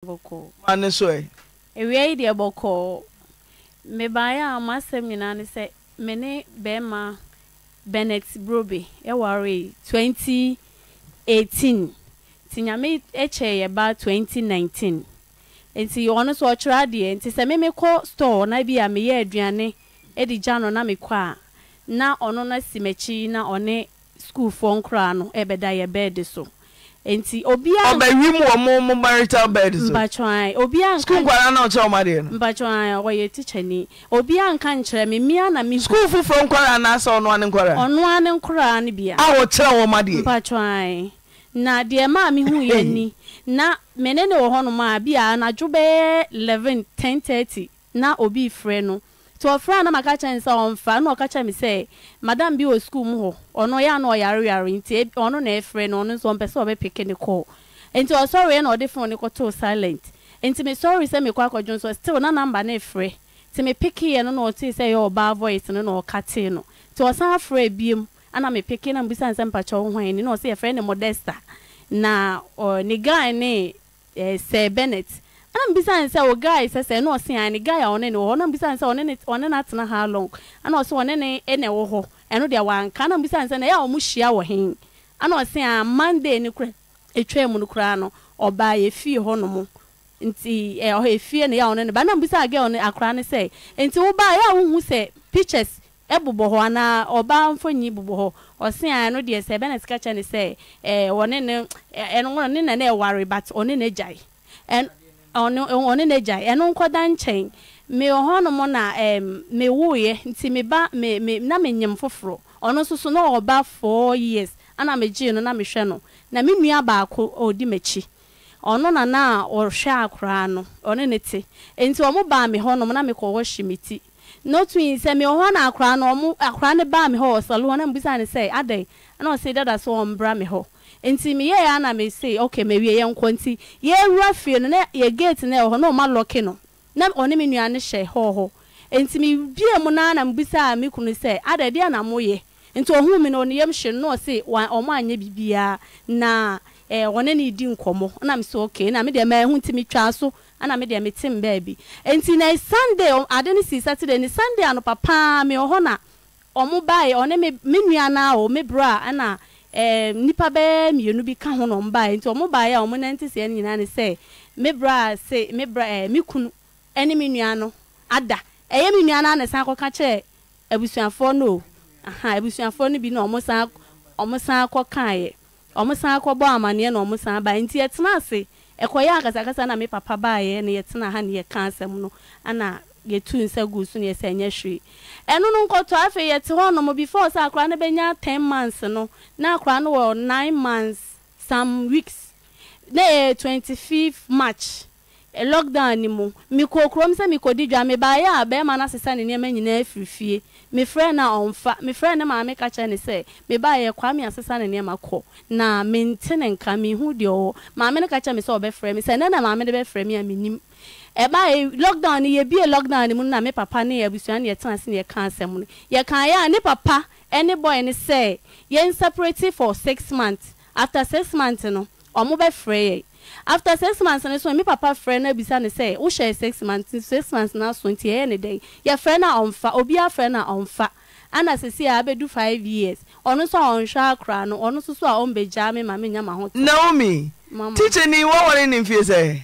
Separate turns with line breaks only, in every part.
awia e?
yi deɛ bɔkɔɔ mebaeɛ a masɛm nyinaa ne sɛ me ne bɛrima benet brobe ɛwaree 2018 nti nyame kyɛɛ e yɛ ba 2019 nti ɔno so ɔkyerɛ adeɛ nti sɛ memekɔ store na bi a meyɛ aduane de gya no na mekɔ a na ɔno no si m'akyi na ɔne sukuulfoɔ nkoraa no bɛda yɛ bɛɛde so nti
obi obiara ọbẹwi mu ọmụ mụ marital bed so
mbatwan obiara nka skul nkwara na ọchọ ọma dị no mbatwan ọyọ tikya ni a nka nkyerɛ mi mmea na mi skul foforɔ
nkwara anaasɛ ɔnụ anị nkwara ɔnụ
anị nkwara ni bia a wɔkyerɛ wɔn ma deɛ na deɛ maa mi hu yɛ ni na mene ne wɔ hɔnom a bia anadwo bɛyɛ eleven ten thirty na obi frɛ no. nti ɔfra na maka kyɛn sɛ ɔmfa na ɔka kyɛn mi sɛ madam bi wɔ sukuu mu hɔ ɔno yɛ ano ɔyare yare nti e, ɔno na ɛfrɛ no ɔno nso ɔmpɛ sɛ ɔbɛpeke ne kɔɔ nti ɔsɔre na ɔde fone ne kɔtoo silent nti mi sɔre sɛ mi kɔ akɔdwo nso still na namba ne frɛ nti mi peke yɛ no na ɔte sɛ ɛyɛ ɔbaa voice no na ɔka tee no nti ɔsan frɛ biem ana mi peke na mbisa nsɛm mpakyɛ ɔhwan ni na ɔsɛ yɛfrɛ ne modesta na ɔ ne guy ne bennett ana mbisa ne sɛ wo guy sɛ sɛ ɛna ɔse ane guy a ɔne ne wɔ hɔ na mbisa ne sɛ ɔne ne ɔne na atena ha long ana ɔse ɔne ne ɛna ɛwɔ hɔ ɛno deɛ wanka ana mbisa na ɛyɛ a ɔmo hyia wɔ hen ana ɔse a monday ne kura etwa mu e no kura no ɔbaa yɛ hɔ nom nti ɛ e, ɔhɔ efie a ɔne ne ba ana mbisa agɛ ɔne akora ne sɛ nti wo baa yɛ a wohu sɛ pictures ɛbobɔ e hɔ anaa ɔbaa mfonyi bobɔ hɔ ɔse a ɛno deɛ sɛ ne sɛ ɛɛ ɔne ne ne na ne ɛware but ɔne ne gyae ɔne n'agya ɛno nkɔda nkyɛn mewɔ hɔnom na mewuiɛ nti meba na menyim foforɔ ɔno nso so na ɔba four years ana megyee no na mehwɛ no na me nua baako ɔdi m'akyi ɔno na na ɔhwɛ akoraa no ɔne ne te nti ɔmo baa me hɔnom na mekɔ hɔ me ti n'otu sɛ hɔ na akoraa no ɔmo akoraa no baa me hɔ na ne sɛ na ɔsi dada so ɔmbra me nti meyɛ yɛ ana se ok mawie yɛ nkɔ nti yɛwura fie no na yɛ gate no ɛwɔ hɔ na ɔma lɔke no na ɔne me hyɛ nti mu na mebisaa me kunu sɛ ada bi ana moyɛ nti ɔhu me no ɔne hye no na ɔse ɔmo anyɛ biribiaa na eh, ɔne ne di nkɔmmɔ na m ok na medeɛ nti so ana metem baabi na sunday ade no saturday ne sunday me ɔhɔ na ɔmo baeɛ ɔne me me a ana nipa bɛɛ mmienu bi ka ho na ɔmbaeɛ nti ɔmo baeɛ a ɔmo nante seɛ no nyinaa ne sɛ me bra se me bra ɛɛ eh, me kunu ɛne me nua no ada ɛyɛ me nua no ana san kɔka abusuafoɔ no aha abusuafoɔ no bi na ɔmo san ɔmo san kɔkaeɛ ɔmo san kɔbɔ amaneɛ na ɔmo san baeɛ nti yɛtena ase ɛkɔyɛ akasakasa na me papa baeɛ na yɛtena ha na yɛka asɛm no ana yɛtu nsa gu so neɛ sɛ ɛnyɛ hwee ɛno no nkɔtɔ afei yɛte hɔ nom before sɛ akora no bɛnya ten months no na akora no wɔ nine months some weeks na ɛyɛ twenty fifth march lockdown ni mu mekɔɔ kurom sɛ mekɔdi dwa mebaeɛ a bɛrima no asesa ne nneɛma nyinaa afiri fie mefrɛ no ɔmfa mefrɛ no maame ka kyerɛ ne sɛ mebaeɛ kwa me asesa ne nneɛma kɔ na mente ne nka mehu deɛ ɔwɔ maame no ka kyerɛ me sɛ ɔbɛfrɛ me sɛ ɛnɛ na maame no bɛfrɛ me a menim ɛba yɛ lockdown ni yɛbie lockdown ni mu na mi papa ne abusua ne yɛtena ase ne yɛka asɛm no yɛka yɛ a ne papa ne boy ne sɛ yɛn separate for six months after six months no ɔmo bɛfrɛ yɛ after six months no so mi papa frɛ no abisa ne sɛ wohyɛ six months six months na so nti yɛyɛ ne dɛn yɛfrɛ no a ɔmfa obiara frɛ no a ɔmfa ana sisi a abɛdu five years ɔno nso a ɔnhwɛ akora no ɔno nso so a ɔmbɛgyaa me ma menya ma ho naomi tikyi
ni wɔwɔre ne mfie sɛ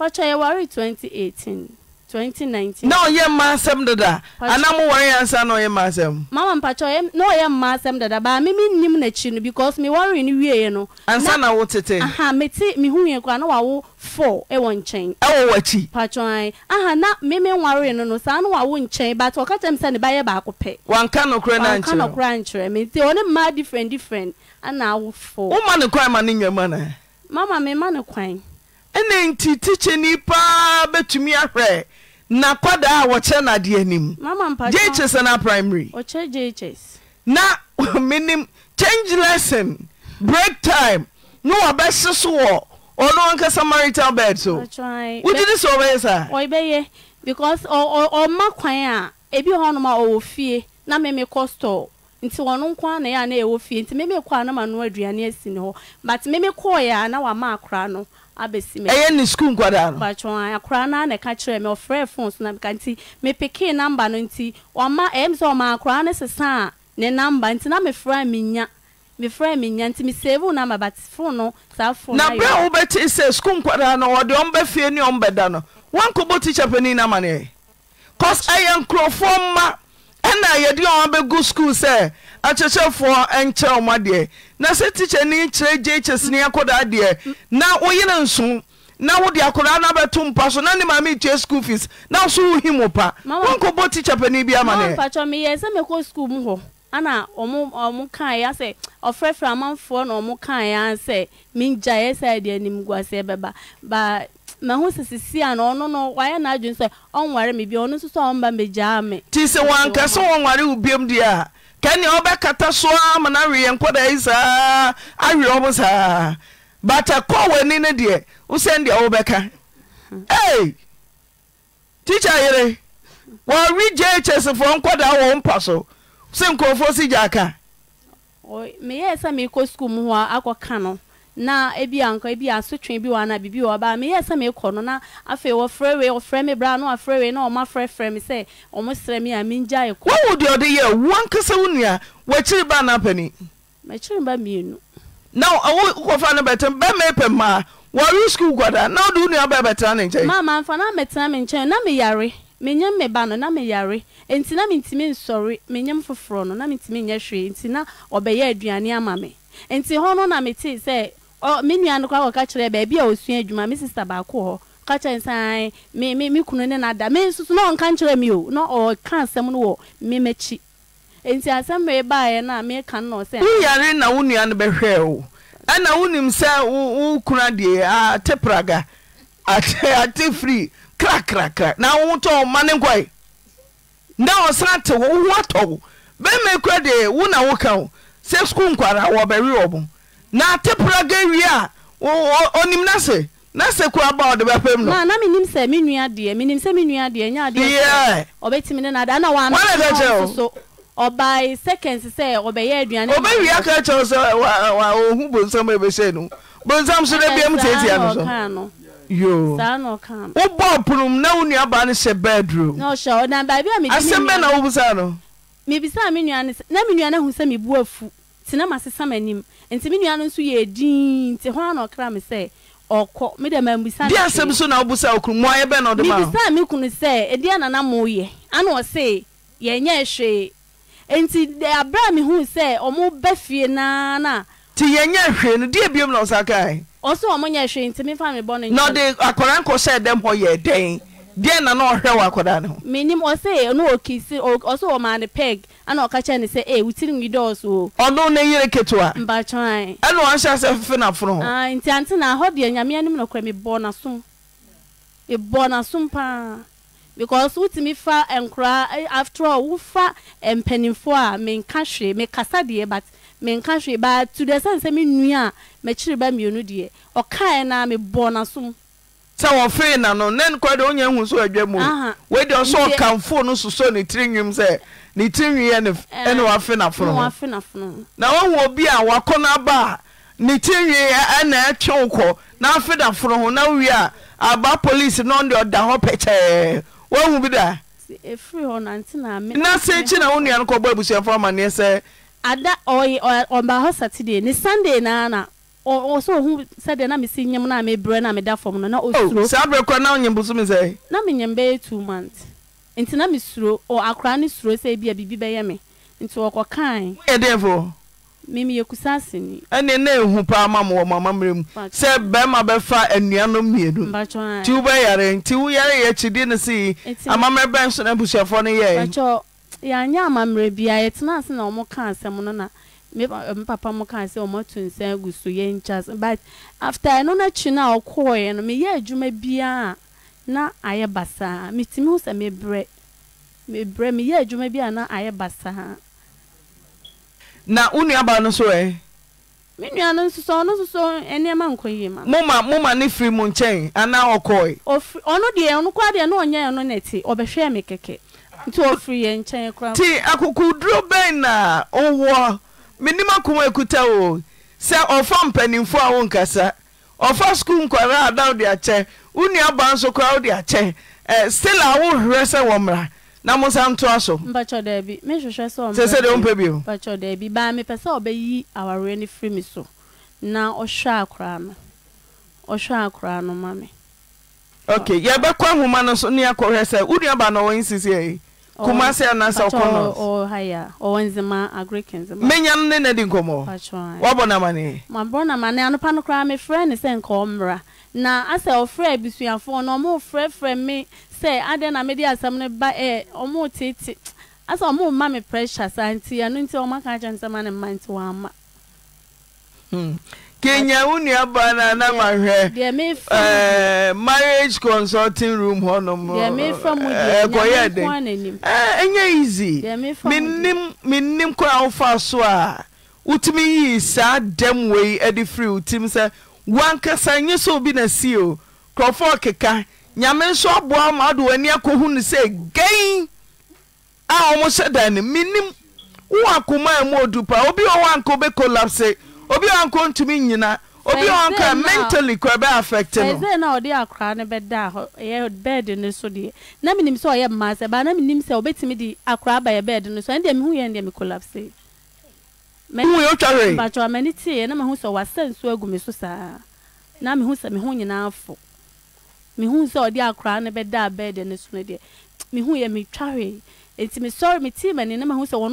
pàtó yẹ wari twenty eighteen twenty nineteen. na ɔyɛ mmaa asɛm dada
anam wɔre ansa na ɔyɛ mma asɛm.
mama mpatwa ɔyɛ na ɔyɛ mmaa asɛm dada baa mi mi nim n'akyi no because mi wɔre ni wie yɛ no. ansa na
tete. aha
mi ti mi hu yɛ kora na four e
e
aha na mi mi wɔre no no saa na wawo but baako na mi ti different different ana
ma kwan ma ma na.
mama mi
ɛne nti tikyɛni paa bɛtumi ahwɛ na kɔdaa a wɔkyerɛ nadeɛ
animgye kyes no primary
na menim change lesson break time ne wɔbɛhye so wɔ ɔno ɔnkasa marital bed so
wogye ne sɛ ɔbɛyɛ saa ɔbɛyɛ because ɔma kwan a ebi hɔnom a ɔwɔ fie na memekɔ store nti ɔno nko ara na yɛ a na fie nti mɛmɛ kɔ a na ma no aduane asi ne hɔ but mɛmɛ kɔɔ yɛ a na wama akora no abɛsi mɛ. ɛyɛ ne
sukuu nkwadaa no.
batwɔn akora naa na ɛka kyerɛ mɛ ɔfrɛ phone so na mɛka nti mɛpeke namba no nti ɔma ɛyɛ mi sɛ ɔma akora no sisan ne namba nti na mɛfra mi nya mefrɛ me nya nti na ma but phone no saa phone na berɛ a
wobɛte sɛ sukuu nkwadaa no ɔde ɔmbɛfie ne ɔmbɛda no wankɔbɔ tikya panin no ama ne ɛ cause ɛyɛ nkurɔfoɔ ɛna yɛde ɔwa bɛgu skuul sɛ akyekyɛfoɔ nkyerɛ woma deɛ na sɛ tikyɛne kyerɛ gye kyɛ sene akɔdaa na nso na wode mpa so na ne maa metua school fees na woso wohi mu pa wonkɔbɔ bi ama
ana ɔmo ɔfrɛfrɛ amanfoɔ na ɔmo sɛ sɛ ma ho sɛ sisi a na na ajụ nsọ n'adwene sɛ ɔnware me bi ɔno nso sɛ ɔmba megyaa me nti sɛ wanka sɛ
wɔnware wo biom deɛ a kɛne ɔbɛkata kata a ma no awereyɛ nkɔda yi saa awerɛ ɔ mo saa but ɛkɔ w'ani no deɛ wosɛn deɛ wobɛka ei tikya yere wɔwe gyehɛsefoɔ nkɔda wɔ mpa so sɛ nkurɔfoɔ si gya aka
esi m ịkọ skuul m hụ a akɔka na ebi a ebi a asotwe bi bibi meyɛ sɛ mekɔ no na afei wɔfrɛ wei me bra na na wɔn afrɛfrɛ me sɛ wɔn srɛ me a mengya ekɔ.
wɔn deɛ ɔde yɛ wo nua ba na ɔwɔ no bɛtɛm bɛmɛ pɛ wɔre kɔda na ɔde wo nua bɛɛ bɛtena ne
nkyɛn. na
mɛtena me nkyɛn na meyare me ba no na nti na na nyɛ hwee na ɔbɛyɛ aduane ama me nti hɔ no na sɛ me nua no kɔ ka kyerɛ baabi a ɔsua adwuma me sista baako hɔ ka kyerɛ nsan me me me kunu ne nada me nso so na ɔnka nkyerɛ mi o na ɔka asɛm no wɔ me m'akyi nti asɛm bɛyɛ a meka no na ɔsɛ. na
wo nua no bɛhwɛ o ɛna wonim sɛ wo kuna deɛ ate praga ate ate firi krakrakra na wo tɔ ɔma ne na ɔsan te wo wo atɔ wo bɛmɛ kura deɛ na wo ka o sɛ sukuu nkwara wɔbɛwe wɔ mo. na ate pra ka wi a onim na sɛ na sɛ kuaba wɔde bɛpɛmu
nubɛwi kakyɛw
sɛɔhu bɔnsam bɛyɛ no bosam sonɛ biamuitia osowobɔprum na wo nuaba no hyɛ
badromasɛm bɛ na wobisa nota sesamanim nti mi nua no nso yɛ din nti hɔn na ɔkra mi sɛ ɔkɔ mi dɛm ɛmusa. di asɛm so
na ɔbusa okun mu ayɛ bɛn na ɔde ma. mi bisa
mi kunu sɛ edi anana mo yɛ ana ɔse yɛnyɛ hwee nti abira mi hu sɛ ɔmo bɛ fie naana.
ti yɛnyɛ hwee no die biem na ɔsa kaa yi.
ɔsɛ ɔmo nyɛ hwee nti mi fa mi bɔ ne nkyɛn. na ɔde
akɔla nkɔsɛ dɛm hɔ yɛ dɛn. deɛ na na ɔhwɛ wɔ akɔdaa ne ho
menim ɔse ɔno ɔkisi ɔso wɔ maa ne peg ana ɔka kyerɛ ne sɛ e wo tirim yi dɔɔso o ɔno ne yere ketewa mbatwɛn ɛna ɔnhyɛ sɛ
fefe n'afono ho
nti ante na hɔ deɛ nyame anim no kora mebɔ n'asom na n'asom paa because wotumi fa nkoraa eh, after all wofa mpanyinfo a menka hwee mekasa deɛ but menka hwee but to the sense sɛ me nua mmienu makyiri ba mmienu na ɔkaeɛ naa mebɔ n'asom
sɛ wɔfee na no na nkwa de onya hu so adwa mu weide ɔsɛ ɔkamfoo no soso ne tiri nwum sɛ ne tiri nwii ne eh, wafe nafono na wohu obi a wakɔ no aba a ne tiri nwii na ɛtwe wokɔ na afe nafono ho na wowie a aba polise na ɔde ɔda hɔ pɛkyɛɛ woahu bi da
na sɛ kyi na wo nua no
kɔbɔ abusuafo amanneɛ sɛ
ɔsɛ sɛdeɛ na mesi nyam na mebrɛ na meda fam no na ɔsurosaa oh, berɛ
kora na onyam bosom sɛ
na menyam bɛyɛ two months nti na mesuro akora ne suro sɛ bia biribi bɛyɛ me nti wɔkɔkae woyɛ dɛnfoɔ memeyɛ kusa aseni
ɛne na ɛhu paa ma mowɔ mamammerɛ mu sɛ bɛrima bɛfa anuanom mmienu
nti wobɛyare
nti woyare yɛ kyidi no sii amammerɛ bɛn so no abusuafoɔ no yɛɛ
yɛanyɛ amammerɛ biaa yɛtena ase na ɔmo ka asɛm na me papa mo kan sɛ ɔmo to nsa egu so yɛ nkyas but after ɛno na no a ɔkɔɔɛ no meyɛ adwuma biara na ayɛ basaa metumi ho sɛ mebrɛ mebrɛ meyɛ adwuma biara na ayɛ basaa.
na wo nuaba no so ɛ. Eh? me
nua no nso so ɔno nso so nneɛma nkɔ yie ma. moma moma
ne firi mu nkyɛn anaa ɔkɔɔɛ.
ofiri ɔno deɛ ɔno kora na ɔnyɛ ɛno n'ɛti ɔbɛhwɛ mi kɛkɛ nti ofiri yɛn nkyɛn koraa. ti
akokuduro bɛn na owó. menim akoma akuta oo sɛ ɔfa mpanimfo a wo nkasa ɔfa skuul nkware a na wode akyɛ wo nnuaba nso koraa wode akyɛ stela a wohwerɛ sɛ wɔ mmara na mo sa ntoa so
sɛ sɛdeɛ wompɛ bio baa mepɛ sɛ ɔbɛyi awareɛ no firi me so na ɔhwɛ akoraa no ɔhwɛ akoraa no ma me
ok
yɛbɛkɔ ahoma no so ne akɔhwɛ sɛ wo nnuaba na wɔnyi sisiei kumase anasa menya ne na di nkɔmmɔ wabɔ namane
mabɔ anopa no koraa mefrɛ ne sɛ nka ɔmmra na asɛ ɔfrɛ abusuafoɔ no ɔmo frɛfrɛ me sɛ adɛn na mede asɛm no ba ɛ eh, ɔmo tete asɛ ɔmo ma me pressure nti nti mma
kenya unu aba na anamahwɛ marriage consulting room hɔnomkɔyɛ dɛn
ɛnyɛ easy
mennim kora wofa so a wotumi yi saa dɛm wei de firi wo sɛ woankasa nyɛ obi na si o kurɔfoɔ keka nyame nso aboa ma ade w'ani akɔhu no ah, sɛ gai a ɔmohyɛ da ne mennim wo akoma a odu pa obi wɔ woanka wobɛkolapse obi a nkɔ ntumi nyina obi a nka mentally kora bɛ affect no. ɛsɛ
na ɔde akora no bɛda hɔ ɛyɛ bɛɛdi ne so deɛ na mi nim sɛ ɔyɛ mmaa sɛ baa na mi nim sɛ obetumi de akora aba yɛ bɛɛdi ne so ɛn deɛ mi hu yɛ ɛn deɛ mi collapse. hu yɛ otwa hwɛ. bàtɔ amani tie yɛ na mi hu sɛ wasa nsu egu mi so saa na mi hu sɛ mi hu nyinaa fo mi hu sɛ ɔde akora no bɛda bɛɛdi ne so no deɛ mi hu yɛ mi twa hwɛ eti mi sɔre mi tii mɛ ni na mi hu sɛ wɔn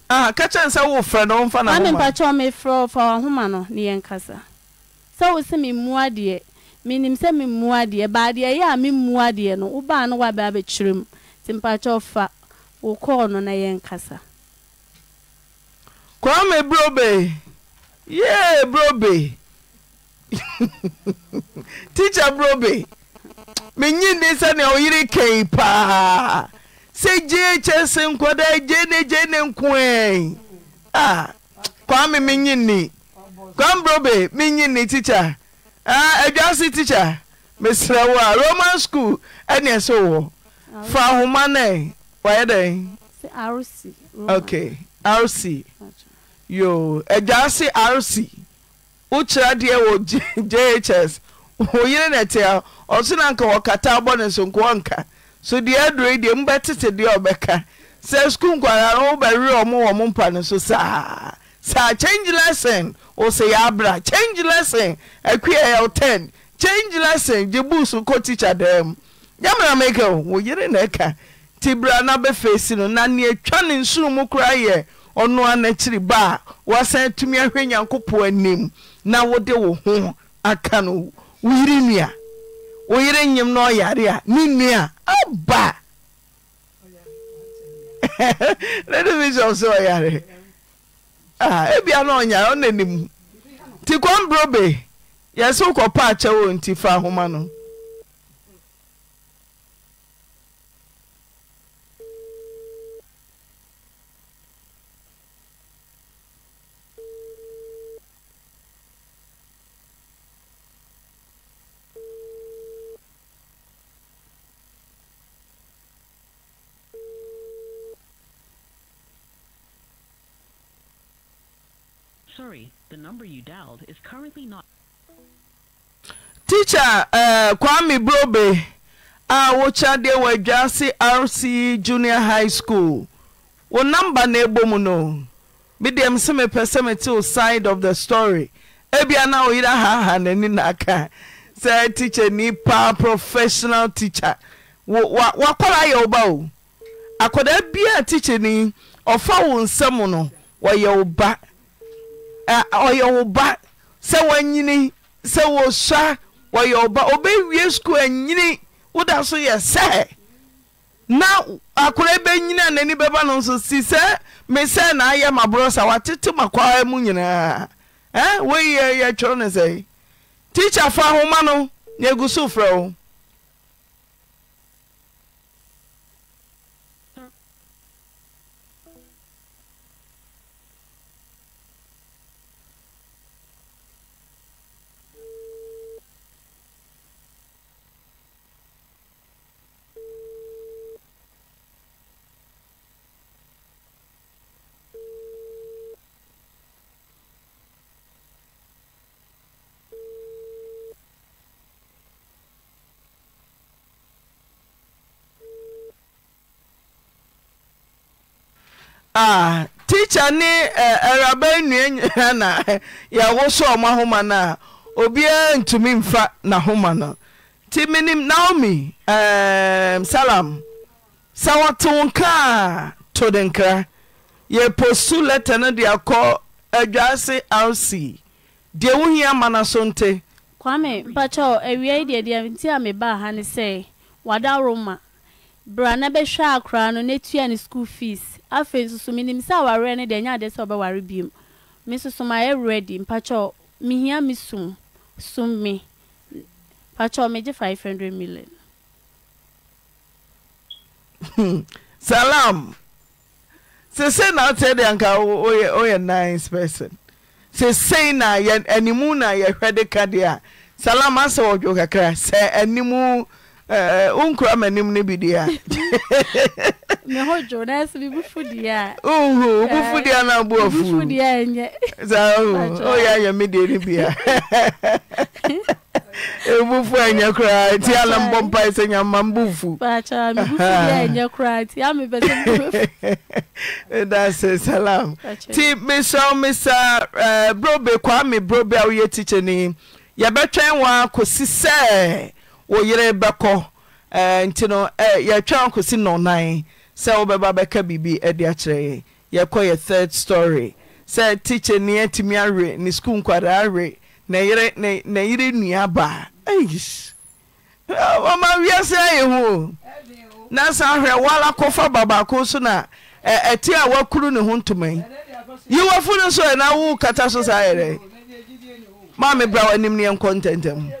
Ah, kɛ kyɛ ne sɛ wo frɛ ne ɔfa naa mempakyɛw
mefrɛ wɔ fa wahoma no ne yɛ kasa sɛ wo sɛ me mmua deɛ menim sɛ memmua deɛ baadeɛ yɛ a memua deɛ no wobaa ne woabɛ abɛkyerɛm nti mpakyɛw fa wo kɔɔ no na yɛ kasa
kwame bur be ye bur be tika bur be menyinde sɛnea ɔyere kɛ paa sɛ gyee kyɛ se nkɔdaa gyee ne gyee ne nkoe a kwaa me menye nni kwamborɔbe menye nni tikya adwase tikya mesrɛ wo a roman school ɛneɛ sɛ wɔ fa ahoma no wayɛ dɛn rc yo adwase rc wokyerɛ deɛ wɔ jhs wo yere ne ɛtea ɔso na kata wɔkata wobɔne so nko nka. so deɛ adurei deɛ mobɛtete deɛ ɔbɛka sɛ skul nkwara no wobɛwerɛ ɔmo wɔ mo mpa no so saa saa change lesson wo sɛ yɛ abra change lesson akua yɛw ten change lesson gye buu so kɔ tikya dɛm yɛmena meka o wo yere na ɛka nti na na si no na nea twa ne nsuru mu koraa yɛ ɔno anokyiri ba a woasan atumi ahwɛ nyankopɔn anim na wode wo ho aka no wo yere nua wo yere nyim na ɔyare a ne nua ba isonsɛɔyebiana ah, ɔya ɔnanim nti kabrɛ be yɛsewkɔpaakyɛ wɔ ntifa ahoma no tikha kwaa me buro be a wokyɛdeɛ wɔ adwaase rc junior high school wo namba na ɛbo mu no o medeɛm sɛmepɛ sɛ metewo side of the story ebiana a ɔ yerɛ haaha nani naaka sɛ tikye nnipaa professional teache woakɔr ayɛ wo ba o akɔdaa biaa tikyeni ɔfa wo nsɛm no wɔyɛ wo ba ɔyɛ wo ba sɛ w'anyini sɛ wɔsua wɔyɛ wo ba obɛwie skuu anyini woda so yɛ sɛ na akora bɛnyina a nani bɛba no nso si sɛ mesɛ naayɛ maborɔ sa wɔatete makwaa mu nyinaa wɔyiɛyɛ twerɛ no sɛi ticha fo ahoma no ne agu sow frɛ wo ticha ne araba nnua na e, yɛwoso ɔma homa no na obiara ntumi nfa n'ahoma no nti menim naomi salam sɛ wɔtewo nkaa to de nkra yɛpostu lɛta no de akɔ adwaase rc deɛ wo hia ama na so nte
kwame mpakyɛ awiai deɛ deɛ nti a mebaa ha ne sɛ wada roma bra na bɛhwɛ a koraa no n'tua ne school fees afei nsoso menim sɛ awareɛ no deɛ ɛnyɛ ade sɛ ɔbɛware biom me soso maayɛ ready mpakyɛ mehia me sum sum me pakyɛ megye 500 million
salam sesei na woteɛ deɛ anka woyɛ nice person sesei na animu na yɛhwɛ de ka deɛ a salam asɛ wɔdwo kakra sɛ animu wonkura ma nim no bideɛ ahubufo diɛ na boafuyɛ ayɛ medie n bia bufu anyɛ koraa nti anambɔ mpae sɛ nyamma mbofu salmti mesɛw mesa burobe kwa me boro be a woyɛ tekyɛ ne yɛbɛtwɛn wɔn akɔse sɛ wo yere bɛkɔ eh, nti no eh, yɛtwa nkosi nɔnan sɛ wobɛba bɛka biribi de akyerɛ yɛ yɛkɔ yɛ third story sɛ tikye nneɛ tumi awe ne skul nkwadaa awe na yere nnua baa eh, ɔma wiase ayɛ ɛyɛ o na sa hwɛ woala kɔfa babaako so na ɛti a wakuru ne ho ntoma yi yiwafo no so ɛna wo kata so saa yɛdɛ maa mebra w'anim ne yɛnkɔ ntɛntɛm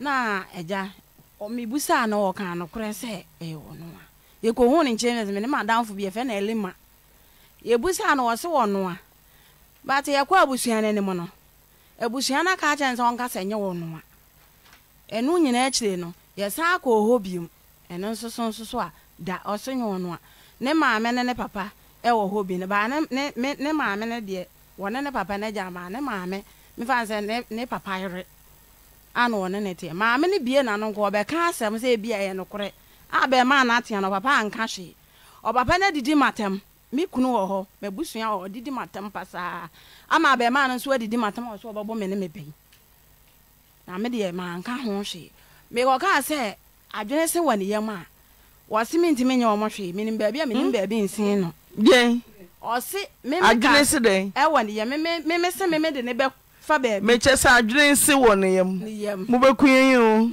na agya mebusaa na wɔka nokorɛ sɛ ɛyɛ ɔno a yɛkɔhu ne nkyerɛ no mene madamfo bi yɛfɛ na ɛlema yɛbusaa no wɔse wɔ no a but yɛkɔ abusua no anim no abusua no aka kyerɛ sɛ ɔnka sɛ ɛnyɛ wɔ no a ɛno nyinaa akyire no yɛsan akɔ ɔhɔ biom ɛno nso so nso so a da ɔso nyɛ ɔno a ne maame ne ne papa ɛwɔ hɔ bi no baa ne ne ne maame ne deɛ wɔ ne ne papa no agya baa ne maame mefa sɛ ne papa yere ana ɔne ne teɛ maame no bie nano nka ɔbɛka asɛm sɛ a ɛyɛ nokorɛ abɛɛma anaatea no ɔpapa anka hwee ɔpapa no adidi matam me kunu wɔ hɔ mabusua wɔ ɔdidi matam pasaa ama abɛɛma no nso adidi matam wɔ so ɔbɛbɔ me ne me bɛn na me deɛ manka ho hwee mekɔkaa sɛ adwene se wɔ ne yam a wɔse mentimi nyɛ ɔmɔ hwee menim baabi a menim hmm? baabi nsin no ɔse adwene se dɛn ɛwɔ ne yam meme se meme de ne bɛ mekyɛ
sɛ adwene nse wɔ ne yam mobɛku yɛyi o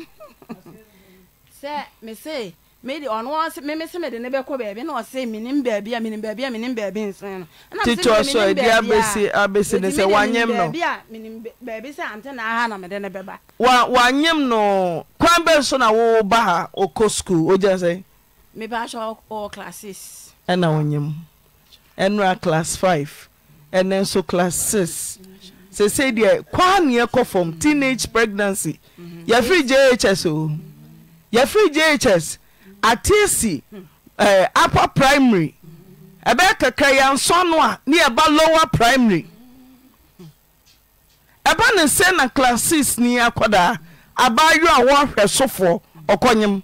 sɛ mese mede ɔno meme se mede ne bɛkɔ baabi na ɔse menim baabi a menim baabi a menim baabi nsen no titɔ so ne aha na mede ne bɛba
no kwan so na ba ha ɔkɔ skul ogya sɛ
ɔwɔ classes
ɛna class 5 ɛnɛ nso class 6 sɛsei deɛ kwaa ekọ fam teenage pregnancy mhm. yɛfri jhs o yɛfri jhs atesi eh, upper primary ɛbɛyɛ kakra yɛnsɔ no a ne yɛba lower primary ɛba ne sɛ na classes ni akɔdaa abaa werɛ a wɔhwɛ sofoɔ ɔkɔnyem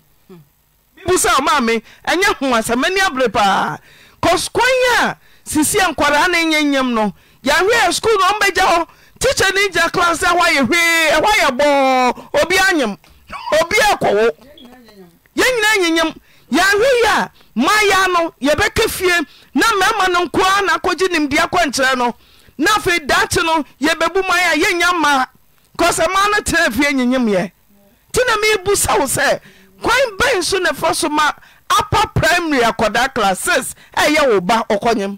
bu sɛ ɔmaa me ɛnyɛ ho asɛm'ani abere paa cause kwan a sisia nkwaraa ne nyɛ nyam no yɛahweɛ skuul no ɔmbɛgya hɔ tikha no gya class sɛ ɛhɔ yɛ hwee ɛhɔ yɛ bɔɔ obi anyem obi akɔwo yɛn nyinaa nyinyam yɛahwe yi a ma yaa no yɛbɛka fie na mmarima no nkoaa na akɔgye nimdeɛ kɔnkyerɛ no na afei daakye no yɛbɛbu man a yɛnya maa kɔsɛ maa no tena afie nyinyimyɛ nti na mebu sa wo sɛ kwan bɛn so ne fa so ma apa primary akɔdaa classes ɛyɛ wo ba nọ.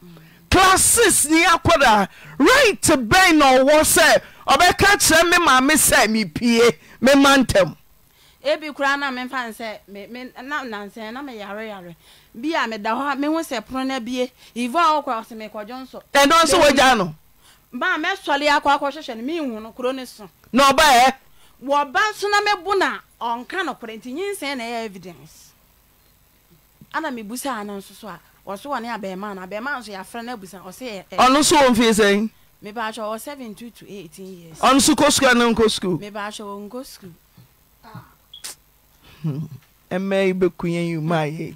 classes ni akɔdaa right bɛn na ɔwɔ sɛ ɔbɛka kyerɛ me maa me sɛ mepie mema ntam
ebi koraa na memfa n sɛ nansɛ na meyareyare bi a meda hɔ a mehu sɛ pono no abie ivo a wokora sɛ mekɔdwo nso ɛno eh, nso wogya no ba a mɛsɔre akɔ akɔhwehwɛ no mehu no kuro ne so
na ɔbaɛ
wɔba nso na mɛbo na ɔnka no korɛ nti nyinsɛn na ɛyɛ evidence ana mebu sɛ ana nso so a ɔso wɔ ne abɛɛma no abɛɛma nso yɛafrɛ no abusa ɔsɛ ɔno so wɔ mfie sɛn mebaatwɛ wɔ 72 to 18 years ɔno so kɔ sukuu ne nkɔ sukuu mebaatwɛ wɔ nkɔ sukuu
ɛmɛ yi bɛku yɛn yi mu ayɛ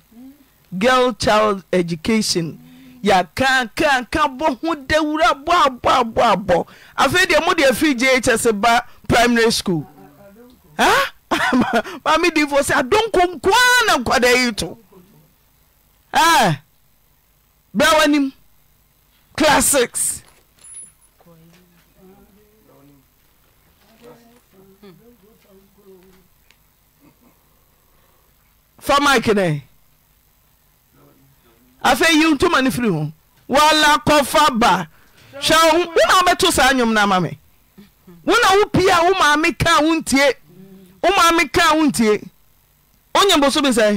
girl child education yɛakaakaaka bɔ ho dawura bɔ abɔ abɔ abɔ afei deɛ mode afiri ghs ba primary school maame difo sɛ adonko nkoaa na nkwadaa yi to bịa w'anim class 6 fa mike ne afei yiw ntoma wala kɔfa ba hwɛ wo wona wobɛto saa nnwom no ama me wona wo pii a ka ahụ wo maame ka wontie wonya boso bi sɛ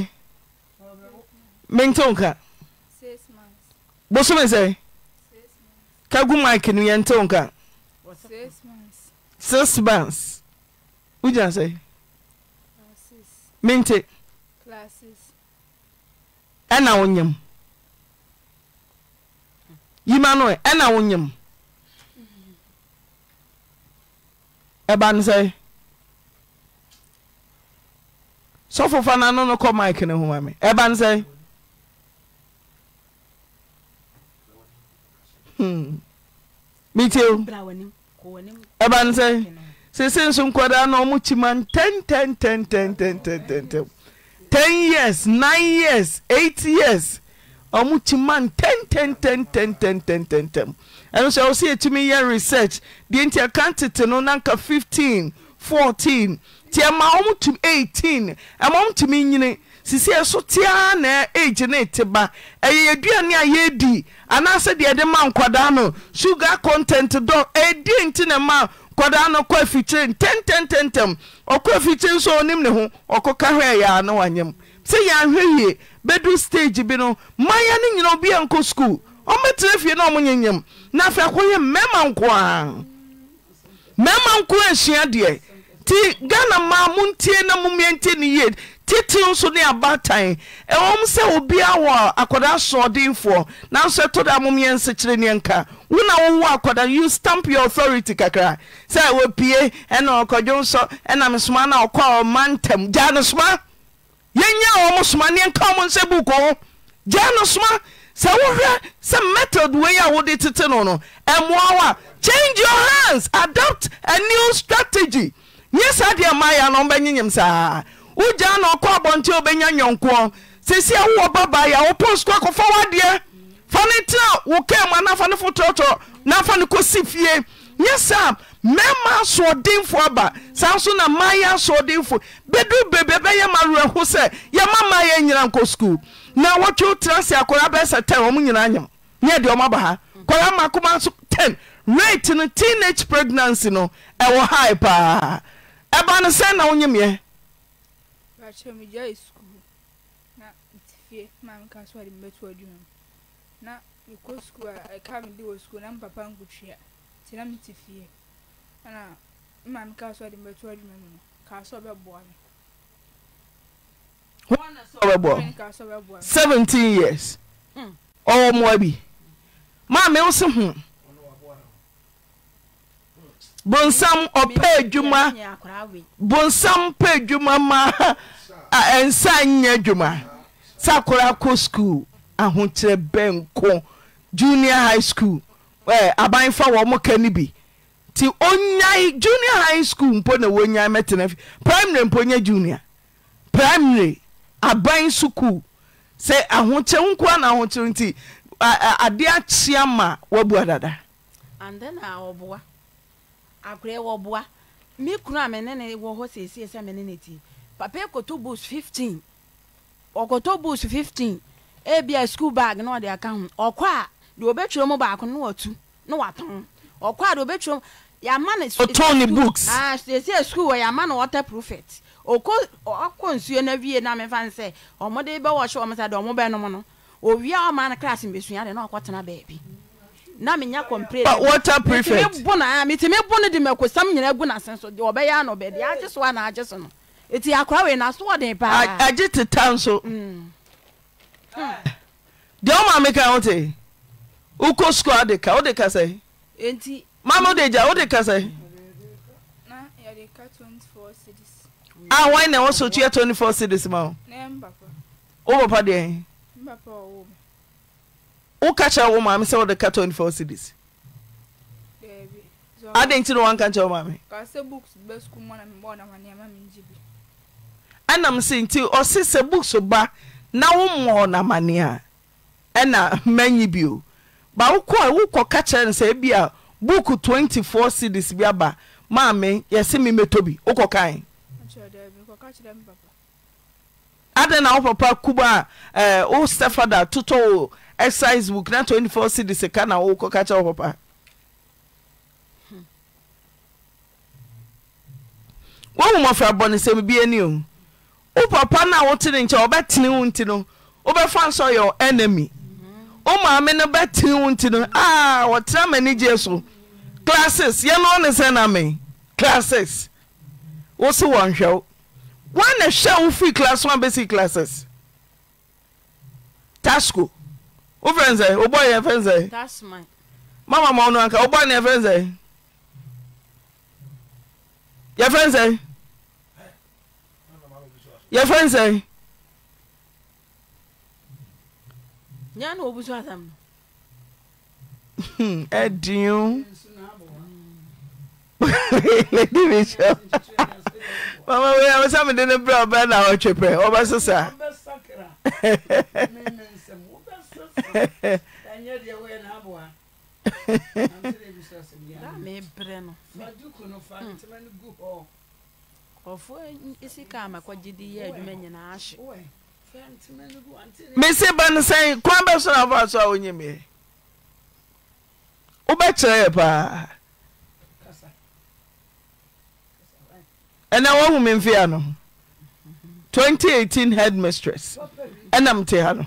bosome sɛ ka gu mike no yɛntewo nka six months wogyina sɛ mente ɛna wonyam yima no ɛna wonyam ɛba no sɛ sɔfofa no ano no kɔ mike no ho me ɛba no sɛ metbane sɛ sese so nkdaa na ɔmokyiman 1ɛɛɛɛɛ 10 years nin years ei years ɔmokyiman 1ɛɛɛɛɛɛtɛn ns wo sɛ yatumi yɛ research dentiakan tete no nanka 15 4 nti ma mtm 8 ma mtumi nyine si sɛ so teaa na agi ne ɛte ba yɛyduanea yɛdi anaasɛdeɛ de ma nkdaa no sga cntent nti ma nkd nɔafikɛɛɛɛmɔɔafi sni g bi nmɛn nyinabiankɔ sklɔɛtrɛ fie n ɔyn kɛ mma nk ma nkoa hyia deɛ nti hnama montie na momantie ne ye tetem so ne abatae ɛwɔ sɛ obi wɔ akɔda soɔdenfoɔ nastɔ moyɛsekyerɛ neka o apoautority kaaane soma ɛyawɔsoma neka sɛ bk a no soma sɛ woɛsɛ metodewoe ee no no moa a change your ands adapt anew strategy nyɛ sa de mayɛ noɛnyenyam sɛ wogya na ɔkɔ abɔnte wobɛnya nyɔnko sesiawowɔ baba yɛ wɔpɔ skuakɔfa wadeɛ fane tra woknafano fonkɔsifema senfo aba sasona mɛ sɔdefo bd beba ɛyɛ ma eɛho sɛ yɛmama yɛ nyina nkɔsuku na ww tasno tenage pregnancy no wɔ
ka kyerɛ me gyae sukuu na mete fie ma meka so ade mebɛto adwuma mu na mekɔ sukuu a ɛka mede wɔ sukuu na mpapa nkotwea nti na mete ɛna ma meka so ade mebɛto adwuma mu no kaa sɛ ɔbɛboa me
ɔbɛboa 17 years hmm. ɔwɔ mmoa bi maame wo se ho bonsamɔpɛ adwuma bonsam pɛ adwuma ma nsa nyɛ dwuma sɛ kora kɔ skuul ahokyerɛ bɛnko junior high scol aban fa wɔ mɔ kane bi nti ɔnyai junor high scol mpo na wɔnyamɛtina fi primary mpo nya jn primary aban sokuu sɛ ahokyerɛwo nko ana ahokyerɛw nti ade akyea ma woabu adada
akwụrụ wɔ boa me kunu a mene hụ si esi esi sɛ na eti papa kɔtɔ books fifteen ɔkɔtɔ books fifteen ebia school bag na dị aka hụ ọkọ a deɛ ɔbɛtwerɛ mu baako na watu ah, na a mu aa sukuu ọkọ nsuo na wie na owia ọkọ tena beebi. na menya complain but water prefect mi bu na mi ti mi bu no de mako sam nyina gu na sen so de obɛya no be Di agye so na agye so no eti akwa we na so ɔden pa
agye te tan so mm. hmm. de o ma me ka o te u ko school ka o de ka sɛ enti mama o de ja o de ka sɛ
na ya de ka
ah why na o so tia four cities ma o o papa de
mbapa o
woka kyerɛ wo maame sɛ wode ka 24 cities
adɛn nti no wanka kyerɛ wo maame
ɛnam se nti ɔse sɛ books ba na wommɔ namane a ɛna manyi bio ba wokɔ wokɔ ka kyerɛ no sɛ ebia book 24 cities bi aba maame yɛse me mɛtɔ bi wokɔ kae adɛn na wo papa kuba eh, a wo stefada totɔ exercise book na twenty four cedis ka na wokɔ kakyɛ wɔ papa wohu mmɔfra bɔ ne sɛm bi ani o wo papa no a wote ne nkyɛ wɔbɛtene wo nti no wobɛfa nsɛ ɔyɛ enemy wo maame no bɛtene wo nti no a wɔtena m'ani gye so classes yɛno wo ne sɛ na me classes wo se wɔn hwɛ wo woana hwɛ wo firi class one bɛsi classes tasco wo fɛsɛ obɔyɛfɛ
sɛmamamak
woɔn yɛfɛsɛɛɛɛɛɛamɛsa mede ne brɛ ɛ nawtepɛ obɛsesa mese bano sae koa bɛso ne faa so a wonyam wobɛkyerɛɛ paa ɛna woahu me mfea mm-hmm. no 208 head mistress namt a no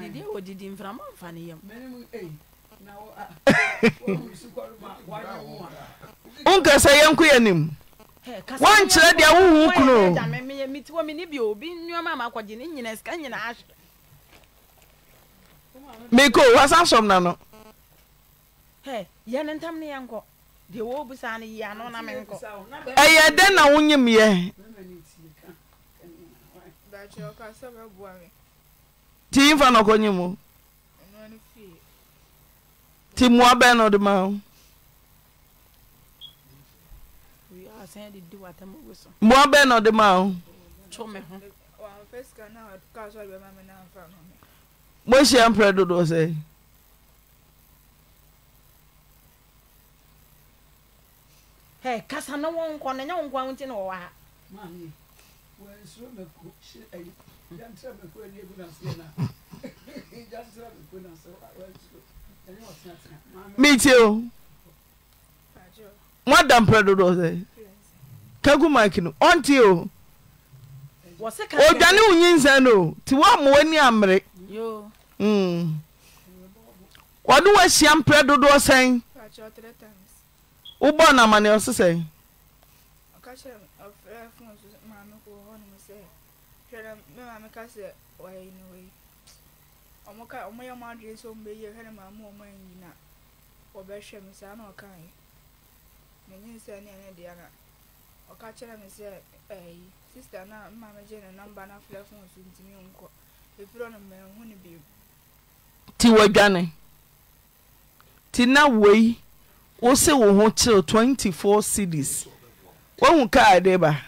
dedi mfafanwnkɛsɛ yɛnkɔ
yɛnim w nkyerɛ deɛ a wohu kun meko w'asa sɔm na no ɛyɛ dɛn na wonyimyɛ nti mfa na ɔkɔnye mu nti mmoa bɛn na ɔde ma wo mmoa na ɔde ma wo moahyia mprɛ dodoɔ sɛ
Hey, kasa na wɔn nkɔ na nyɛ wɔn nkɔ ahotin na wɔwɔ ha
metie o moada mprɛ dodoɔ sɛ kagu mike no ɔnte o
odwane wo nyinsɛn no o
nti woama w'ani ammere hmm. wɔde woahyia mprɛ dodoɔ sɛn wobɔɔ no amanneɛ ɔse sɛn
ka sɛ wɔyɛ ne wei ɔmo ka ɔmo yɛ ɔmo adwene sɛ ɔmo bɛyɛ hwɛ ne maame ɔmo anyi na wɔbɛhwɛ me saa na ɔkae na nyi nsɛ ne ɛne deɛ na ɔka kyerɛ me sɛ ɛyi sista na maame gye ne namba na aflɛ fon so ntumi nkɔ efiri ɔno mɛ ho ne bi.
ti wadwane ti na wei wosɛ wo ho kyew twenty four cities wɔn mu kaa de ba.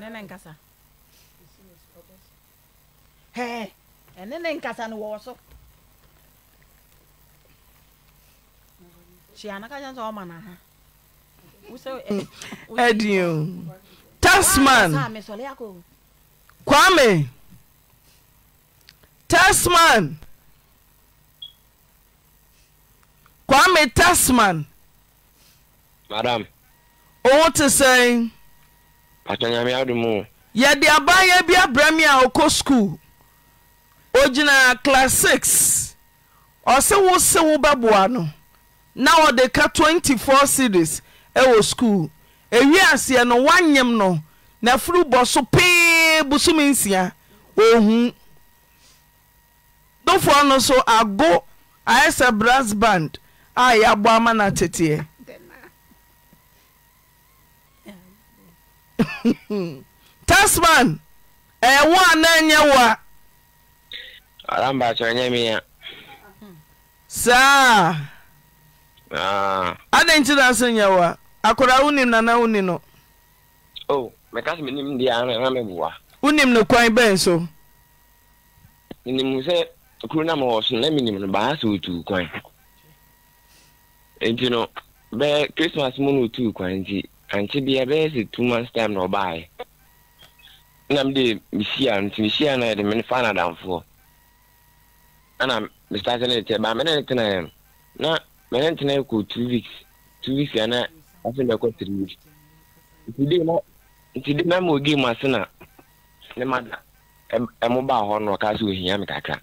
ɛne ne nkasa hɛɛ ɛne ne nkasa no wɔwɔ so hyia anaka kyɛn sɛ ɔma na ha eh, wosɛ ɛdio
tasman
kwame tasman kwame tasman madam owó ti sẹ́yìn.
yɛde
abaa yɛ bi abrɛ me a ɔkɔ sukuul ogyinaa class 6is ɔse wo se wo bɛboa no na ɔde ka 24 series wɔ sukuul ewieaseɛ no wonyim no na furu bɔ so pee bosom nsia ɔhu dofoɔ no so ago ayɛ sɛ brass band a yɛ aboama no teteɛ tasman ɛyɛ a na ɛnyɛ wo a
ɔrambakyerɛnyɛmia saa ah. adɛn nti na sɛ nyɛ wo
a akɔraa wonim nana woni no
meka sɛ menim deɛna mɛboa
wonim no kwan bɛn so
menim sɛ kuro no mawɔ so na menim no baa sɛ ɔtuu kwan nti no bɛɛ christmas mu no ɔtuu kwan nti anti bia bɛyɛ sɛ two months time na ɔbaeɛ na mede mehyia no nti mehyia no yɛde mene fa ana mestate no detɛ baa mene ne no na mene two weeks two weeks ana three weeks nti de na nti de na ma mu ase na ne ma da ɛmo baa hɔ no ɔka sɛ me kakra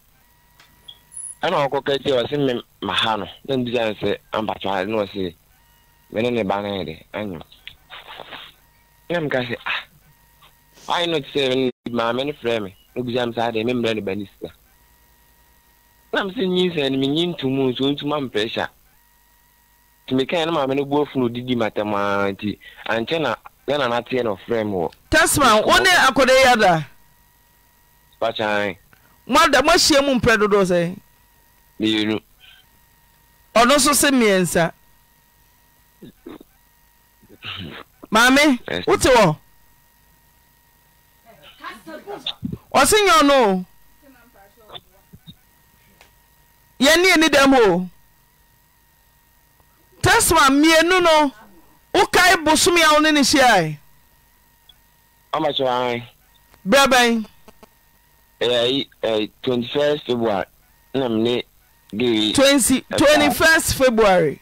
ɛna ɔkɔka tie ɔse ma no na mbisa no sɛ ampatwa na ɔse mene ne ba no na m ka sị ah anyị nọ sị maame no frɛ me obisa m saa deɛ memmerɛ ne ba ne sika na m sɛ nyi sɛ no menyi ntomu nso ntum amprɛhyɛ nti mekaɛ no maame no bu afunu didi matam a nti ankyɛ na ghana nateɛ na ɔfrɛ me wɔ
tasman wo ne akɔda yi ada pakyae moada moahyia mu mprɛ dodoɔ sɛ mmienu ɔno nso se mmiɛnsa maame wote wɔ ɔse nyɛ ɔno o yɛne ani dɛm o tesma mmienu no wokae bosome a wo ne ne hyiae
berɛ bɛn twenty first february 21, mene twenty
first february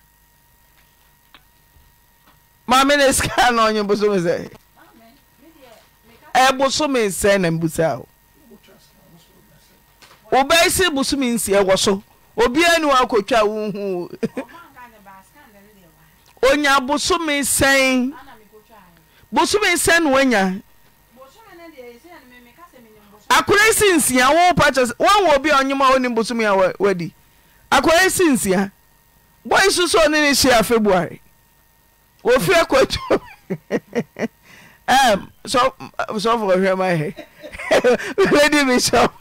mamene sika na ɔnye bosom sɛ ɛbosom eh, nsɛ na ụba isi wobɛsi bosom nsia eh, wɔ so obiara ni wakɔtwa wohu onya bosom nsɛn bosom nsɛn na wanya akora si nsia wopa kyɛ sɛ wɔwɔ obi a ɔnyem a ɔnim bosom a wadi akora si nsia bɔi isusu onye ɔne ne hyia february wofie kwadwo um, so so for hwɛ ma he lady bishop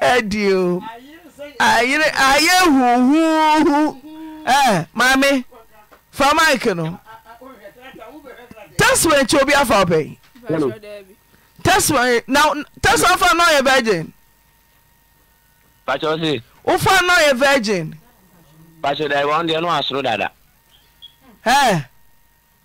adio ayere ayé huhuhu ɛ maame fa mike no test wɛn kyi obi afa ɔpɛ yi test wɛn na test wɛn fa n'ɔyɛ virgin. pàṣẹ sí. wofa n'ɔyɛ virgin. pàṣẹ dàbí wọn di ẹnu àṣírò dada. ɛ. Hey.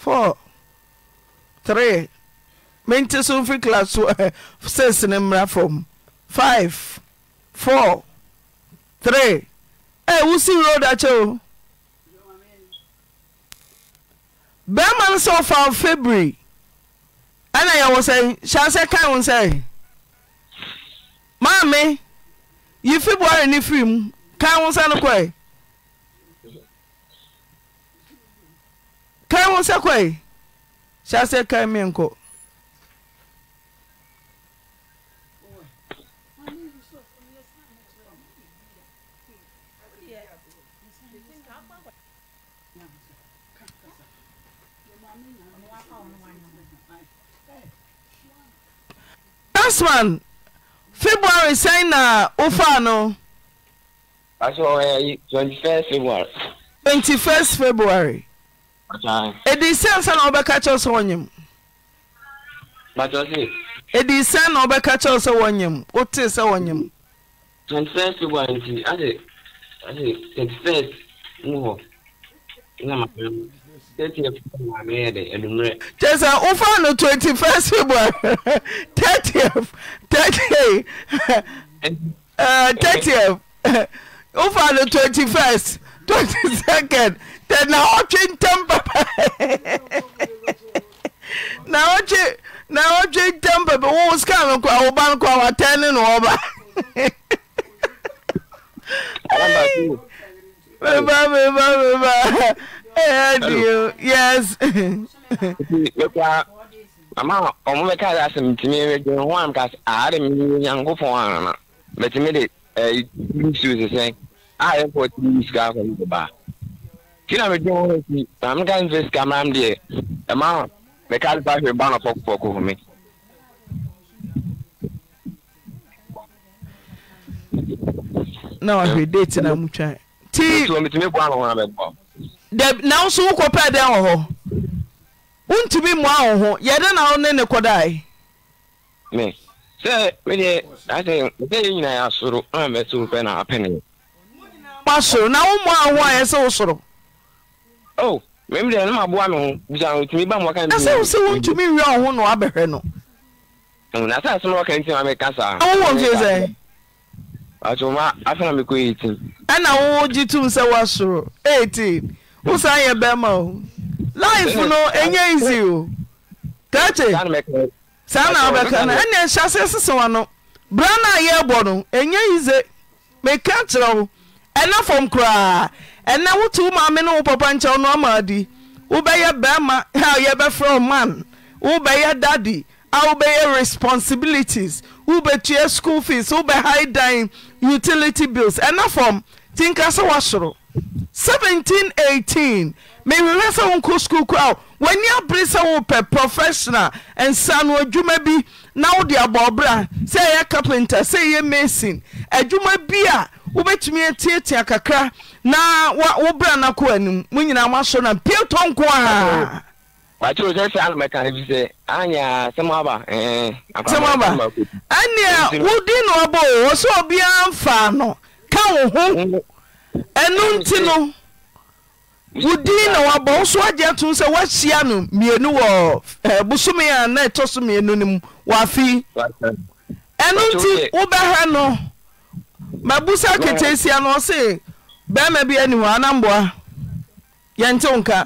fo t mete sofi classesne ra fom fi f eh, wosirodacɛo bɛmane sɛfa fabrry anayɛwosa sɛ sɛ ka wsa mame ye fabuary ne frim kawsan wo sɛ kɔe hyɛ sɛ ka mi nkɔ Asman, February sẹ́yìn na ufa no.
Eh, twenty first February.
twenty first February.
ɛdi
sɛn sɛ na wɔbɛka kyɛw sɛ wɔnyam ɛdi sɛn na wɔbɛka kyɛw sɛ wɔnyam wotee sɛ wɔnyam kyɛ sɛ wofa no 21st february 30th 30 30th wofa no 21st 22nd tɛ naɔtwe ntem papa na naɔtwe ntam papa wo sika no kɔ woba no kɔ watɛ ne no wɔba
meba yes ama ɔmo bɛka de asɛm ntumi ɛdwen ho am kas aade me nyankopɔn anana mɛtumi de ɛyi nsuo sesɛn a yɛkɔ tumi sika akɔ ne na nti na mi invest ka mam deɛ ɛma hwɛ ba na pɔkopɔko ho
na wahwɛ date na mu twa ti dɛb na nso wokɔ pɛ dɛn wɔ hɔ wontumi mmoa wo ho yɛde na wo ne ne kɔdae
me sɛ medeɛ sɛ yɛ a mɛsɛ wo pɛ na apɛne na a yɛ sɛ wo oh mmemme deɛ no ma boa me ho bisa otumi ba mu ɔka ne sɛ sɛ wontumi wia wo ho hmm, na wabɛhwɛ no na sɛ asɛm ɔka nti ma meka saa wowɔ mfie sɛ ato ma afɛ na mekɔ 18
ɛna wowɔ gye tom sɛ woasoro 18 eh, wo san yɛ bɛrima o life no ɛnyɛ easy o kakye
saa na wobɛka no ɛne
ɛhyɛ aseɛ sesewa no bra no a yɛbɔ no ɛnyɛ yize meka kyerɛ ɛna fam koraa ɛnɛ woto two maame ne no papa and wo no bama, wobɛyɛ barima a from man wobɛyɛ daddy. a wobɛyɛ responsibilities wobɛtua school fees high-dying utility bills from fam tinka sɛ woasoro 1718 mehwehwɛ we wo nkɔ When you w'ani abere sɛ wopɛ professional and son, adwuma bi na wode abɔɔberɛ a sɛ carpenter Say ɛyɛ mason adwuma bi a wobɛtumi atiatia kakra na wo brɛ no kɔ anim
mo nyinaa moasɔ no piatɔ nko a wakyerɛ sɛ sɛ almɛka bi sɛ anya sɛm aba sɛm aba
ɛnea
wodi no ɔbɔ o wɔ sɛ obiara
mfaa no ka wo ho ɛno nti no na woabɔ wo so wagye tom sɛ woahyia no mmienu wɔ bosome a na ɛtɔ so mmienu no mu wɔ
ɛno nti
wobɛha no Ma busa mabusa ketesia no sị, bɛrima bi anim hɔ anamboa
yɛntew nka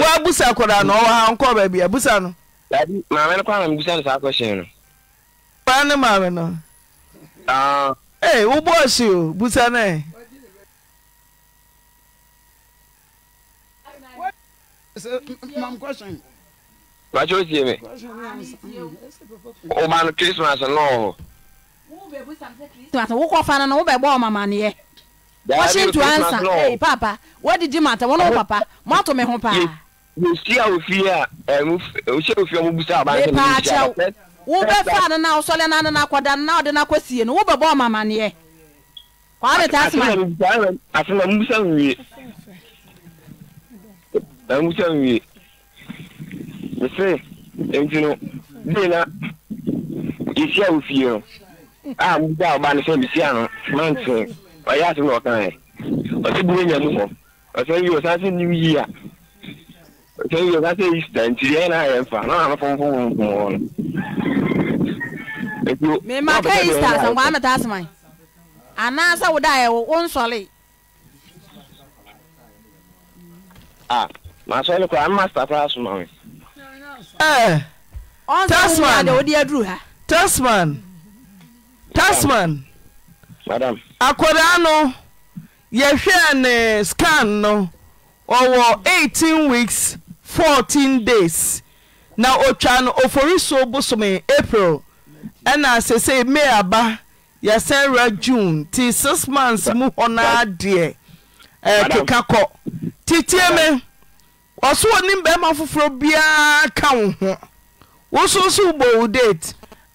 woabusa busa no ɔwɔ ha nkɔ baabi abusa no
wa ne maame nọ. Ah. ee eh, wobɔ ɔhye o busa ne o
ó tiẹ̀ mi. Ọba ní Kírísímàsì náà wọ̀.
wokɔ fa no no wobɛbɔ ɔmamaneɛ
wɔhye nto ansa
papa wodidi mata wɔne papa moato me ho paa
mepaakyɛ
wobɛfa no na wosɔle no ano no akɔda na ɔde no akɔ sie no wobɛbɔ
na yɛsia wo a m gba ọba ní sẹ́mi sí àrùn mọ́ǹtì ọ̀yá àti ọ̀kan ẹ̀ ọtí burú yẹn mú fọ ọ̀sẹ̀ yìí ọ̀sẹ̀ sí new year ọ̀sẹ̀ yìí ọ̀sẹ̀ easter ntì yẹn náà yẹn fà náà àwọn fọnfọn wọn kùn wọn. kẹ́ easter sọ̀nkọ́
àmẹ́ta àsìmọ̀ yìí àná sáwọ́ ẹ̀
a màá sọ ẹni àmì sàfà àsùnmọ̀ mi.
ẹ asman akwadaa no yɛhwɛɛ ne scan no ɔwɔ 18 weeks 14 days na otwa no ofori so bosome april ɛna sesei may aba yɛsɛn wera june nti six months mu hɔ noa deɛ keka kɔ titie me ɔso onim barima foforɔ biara ka wo ho wo so wo date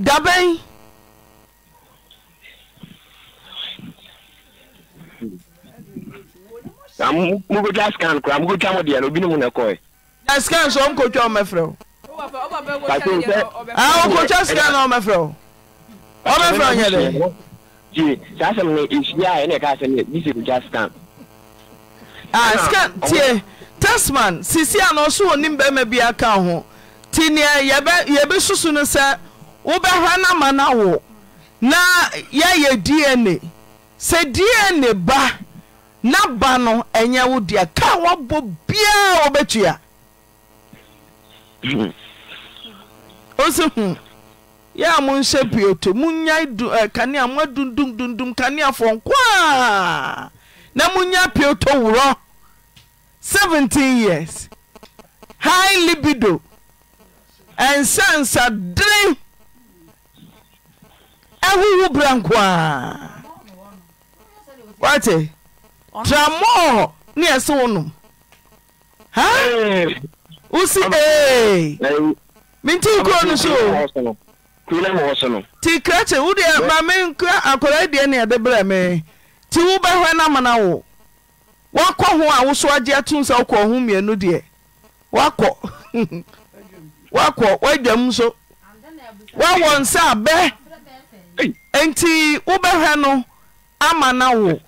dabɛn.
na mu ko twa scan kora mu ko twa mo deɛ no obinom na kɔɛ. na scan so ɔmu ko twa ɔmɛ fɛ o.
pàṣẹ nsɛ. awo ko twa scan na ɔmɛ fɛ o.
ɔmɛ fɛ o nyɛ dɛ. tie saa sɛm no ehyia a ɛna ɛka asɛm yɛ bi se ko twa scan. Ah, a
scan tie testman sisi a na ɔso wɔ ne mbɛrima bi aka ho ti nea yɛbɛ yɛbɛ susu no sɛ. wobɛha no ma no wo na yɛayɛ dna sɛ dna ba na ba no ɛnyɛ wo dea kar wɔbɔ biara wɔbɛtia osh yɛa monhyɛ pioto moykaneamoadudm kaneafɔ nkɔ a na monya puoto worɔ 7 years hi libido nsansa dre ɛhowo bra nko wate
tramɔɔ
ne ɛse wo nom a wosi e menti kuro no so ti krakye wodeɛ ma menkra akɔraa deɛ ne ɛde berɛ me nti wobɛhwɛ no amana wo woakɔ ho a woso agye atom sɛ wokɔ ho mmienu deɛ woakɔ woakɔ woadwam so woawɔ nsa nti wobɛhwɛ no ama na wo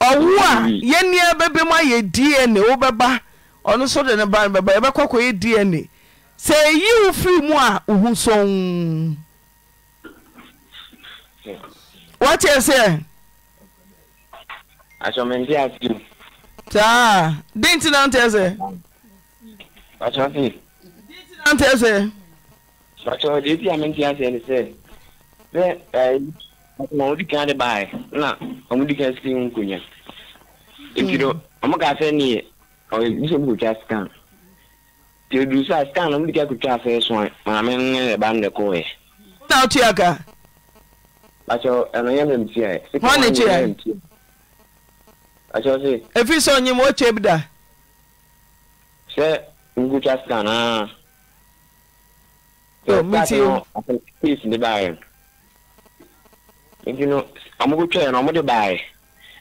ɔwo a yɛnnia bɛbɛ mu ayɛ dna wobɛba ɔno so de ne ba no bɛba yɛbɛkɔkɔ yɛ dna sɛ ɛyi wo firi mu a wo hu son
woateɛ sɛ
saa de nti na nteɛ sɛ
nteɛ sɛ ne ɛɛ na wɔn di kan de baa yɛ na wɔn di kan si nkonya eti do wɔn ka afɛ ne yɛ ɔyɛ bishop kò twa scan te o duru so a scan na wɔn di kan kò twa afɛ so a maame ne ba ne kɔ yɛ. na o ti a ka. akyɛw ɛnna yɛ mɛm tia yɛ. wɔn ne tia akyɛw se. efi sɛ ɔnyim o kye bi da. sɛ nkutwa scan naa. Ah? o mi ti o. case ne baa yɛ. nti no ɔmokotwa no ɔmode baeɛ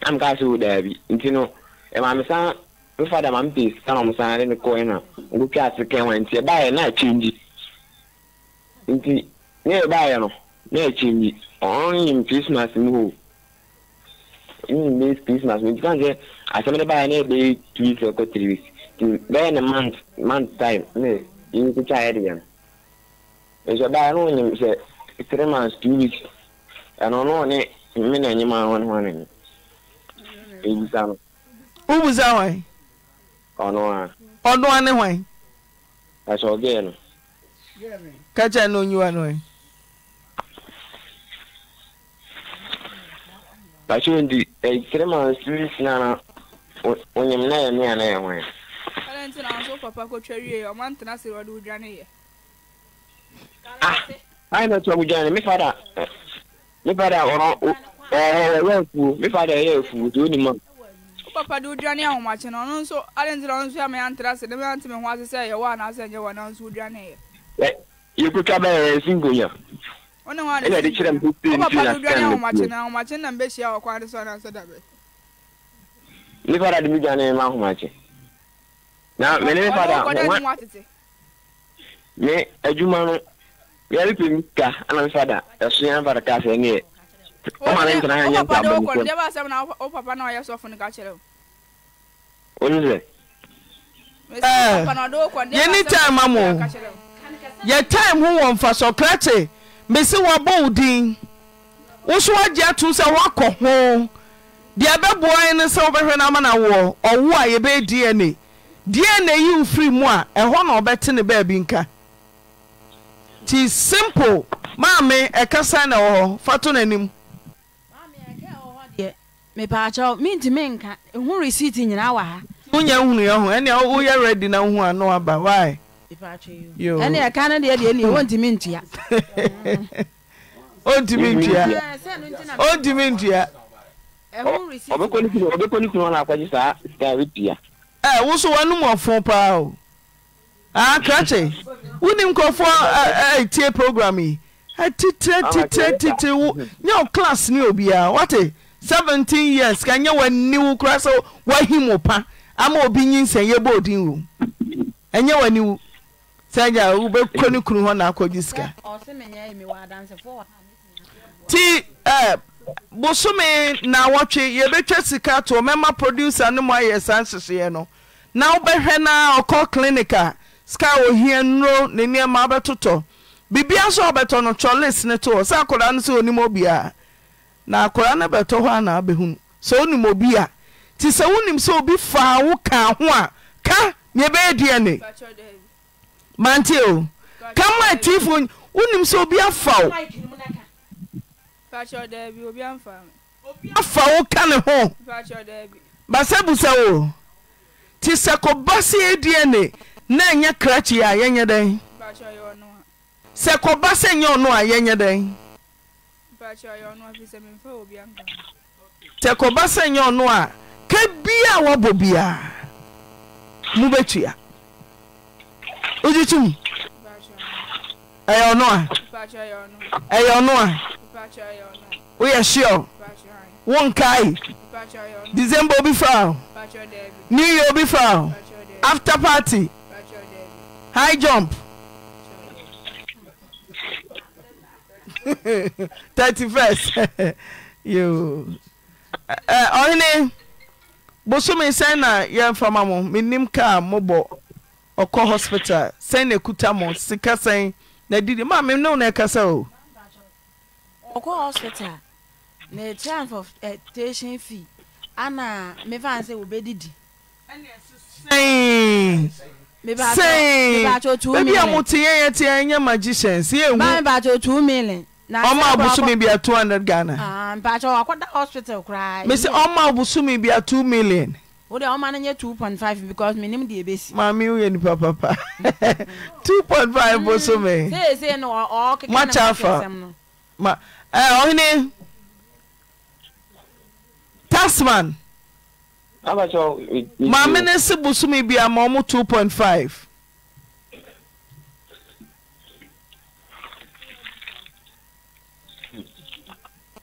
na mekaa sɛ wo daabi nti me ma mpe sika na ɔmsan de ne kɔɛ na ɔmokotwa ase kɛn wa nti ɛbaeɛ na akyɛngyi nti ne ɛbaeɛ no na akyɛngyi ɔnyim christmas mu hoo nyim christmas mu nti kan sɛ asɛm de baeɛ na ɛbɛyɛ two weeks ɔkɔ three weeks nti bɛyɛ ne month month time ne yɛnkotwa yɛ no nso no sɛ three months two weeks ɛno no ɔne me na ɛnyɛ maa hɔne hɔne no ɛbusa no wobusa hwan ɔno a ɔno a ne hwan ɛsɛ ɔgɛɛ no
ka kyɛ no onyiwa no ɛ
pakyɛ nti ɛkyerɛ ma spirit na na onyim na yɛ me na yɛ hwan
ɛdɛ nti na nso papa kɔtwa wie ɔmantena se wɔde wodwane yɛ
ah ai na tɔ wodwane me fada me father ɔno ɔhɔ ɔyɛ afuo me father ɔyɛ afuo tí o ni ma. o
papa de o dwane ahomakye no ɔno nso ade nti na ɔno nso yɛ ameya ntera sɛ dɛm yɛn ti mi ho ase sɛ yɛ wɔ anaasɛ nyɛ wɔ anaasɛ o dwane
yɛ. yɛkuta bɛyɛ yɛ sinko yɛ.
ɔne ho ade ɛna de kyerɛ mi pe nti na fɛn mi pe. o papa de o dwane ahomakye no ahomakye na mbɛ hyia wɔ kwan de so anaasɛ dabe.
me father de mi dwane ma ahomakye na mɛ ne me father. ɔno ɔkɔdɛ ne ho atete. ne adwuma yɛre pɛm ka anam fada ɛsoa fada ka sɛ neɛ ɔma ne ntena ha nyɛ
yɛne time ma mo
yɛ time ho wɔ mfa so krakye mese wo din wo so sɛ woakɔ ho deɛ sɛ wobɛhwɛ no ama na woɔ ɔwo a dna dna yi wo firi a ɛhɔ na ɔbɛte ne baabi nka nti simple maame ɛkasa na wɔ hɔ fa to noanim
dị mentumi nka ɛhu receipt nyinaa wɔ ha
wonya hunuɛ ho ɛnea woyɛ ready na wohu ano aba why
ɛne ɛka no deɛ deɛ nie wɔntumi ntua
ɔntumi ntua ɔntumi ntua ɔbɛkɔ ne kunu ɔbɛkɔ ne kunu ɔna akɔgye saa sika ɛbɛtua
ɛɛ woso wanomu ɔfo paa o krache ah, wonim nkɔfoɔ atie eh, eh, program yi atitirɛtitirɛtitiri eh, ah, hmm. nyɛ class ne obiaa wate 17 years ka nyɛ w'ani wo kora sɛ woahim wo pa ama obi nyinsɛ yɛbɔ odin wo ɛnyɛ w'ani wo sɛ agya wobɛkɔ ne kunu hɔ na akɔgye sika nti bosome na wɔtwe yɛbɛtwa sika toɔ mɛma produser no mu ayɛ saa nhyehyɛeɛ no na wobɛhwɛ na ɔkɔ clinic a sika ohia nnuro ne nnoɔma wobɛtotɔ biribia nso ɔbɛtɔ no kyɔles ne to sɛ akora no sɛ onim obi a na akora no bɛtɔ hɔ anaabɛhunu sɛ wonim obi a nti sɛ wonim sɛ obi faa wo kaa ho a ka neɛbɛyɛ duane ka ma
wonim sɛ obi afa wo ka ne ho
wo sɛ kɔba se na ɛnyɛ krakye a yɛnyɛ dɛn sɛ kɔba sɛ nyɛ ɔno a yɛnyɛ dɛn sɛ kɔba sɛ nyɛ ɔno a ka bia a wɔbɔ biaa mubɛtua wogye kyi mu ɛyɛ ɔno a ɛyɛ ɔno a woyɛ hyeo wonkae december obi fa new year obi fa after party high jump thirty first you! ẹ ọhene bosomi sẹ́n na yẹn fama mo mi nim kaa mo bọ ọkọ hospital sẹ́n na ekuta mo sika sẹ́n na didi maa mi níwò na ẹ o.
ọkọ hospital na station eh, fee ana mefa ase wo bẹ didi.
sèé ebi a mo ti yẹn yẹn ti yẹn yẹn magicians yẹn hu. báyìí bàtò two million. ọmọ abusumi bi a two hundred Ghana.
Ah, mpàtjọ akọda hospital koraa. mesi ọmọ
abusumi bi a two million.
o de ọmọ ananyɛ two point five because mi nim de ebesi.
maami o yɛ nipa papa two point five mm. bosomi.
seesei no ɔɔ keke na mo kɛsɛm no.
ma ɛ eh, ɔhene tasman.
maame ne
se bosome bia ma ɔmo 2.5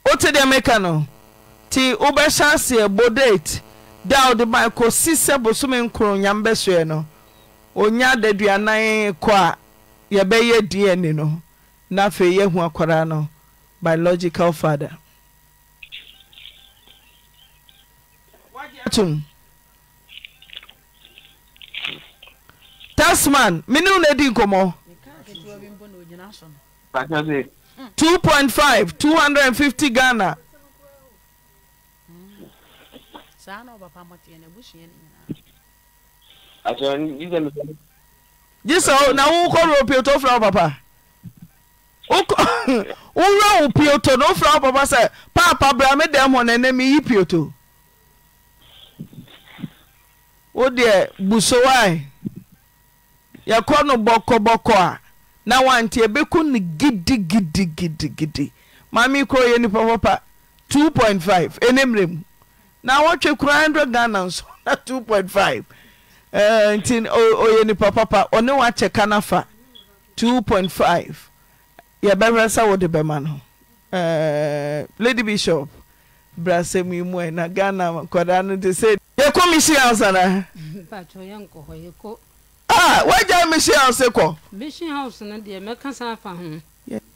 wote deɛ meka no nti wobɛhyɛ aseɛ bodate da wode ma kɔsi sɛ bosome nkoro nyam bɛsoɛ no onya anaghị kɔ a yɛbɛyɛ dni no na afei yɛahu akwaraa no biological father tmtasman menem ne dinkɔmɔ ghanasɛna wokɔɛ pioto wofra wo papawoowo pioto no wo fra wo papa sɛ papa bra medɛmhɔnɛne mi yi pto wo deɛ busowae yɛkɔ no bɔkɔbɔkɔ a na wante ɛbɛku no gidigidigidigidi mame koro yɛ nipa papa 2.5 ɛnemmerɛ mu na wɔtwe koraa 100 ghana nso na 2.5 nti ɔyɛ nipa papa ɔne wakyɛ ka no fa 2.5 yɛbɛhwɛ sɛ wode bɛma no lady bishop brasɛm yi mu ɛ na ghana kɔdaa no te sɛ yɛkɔ mission house ana woagya mission house
ko. mission house no deɛ mɛka sa afa ho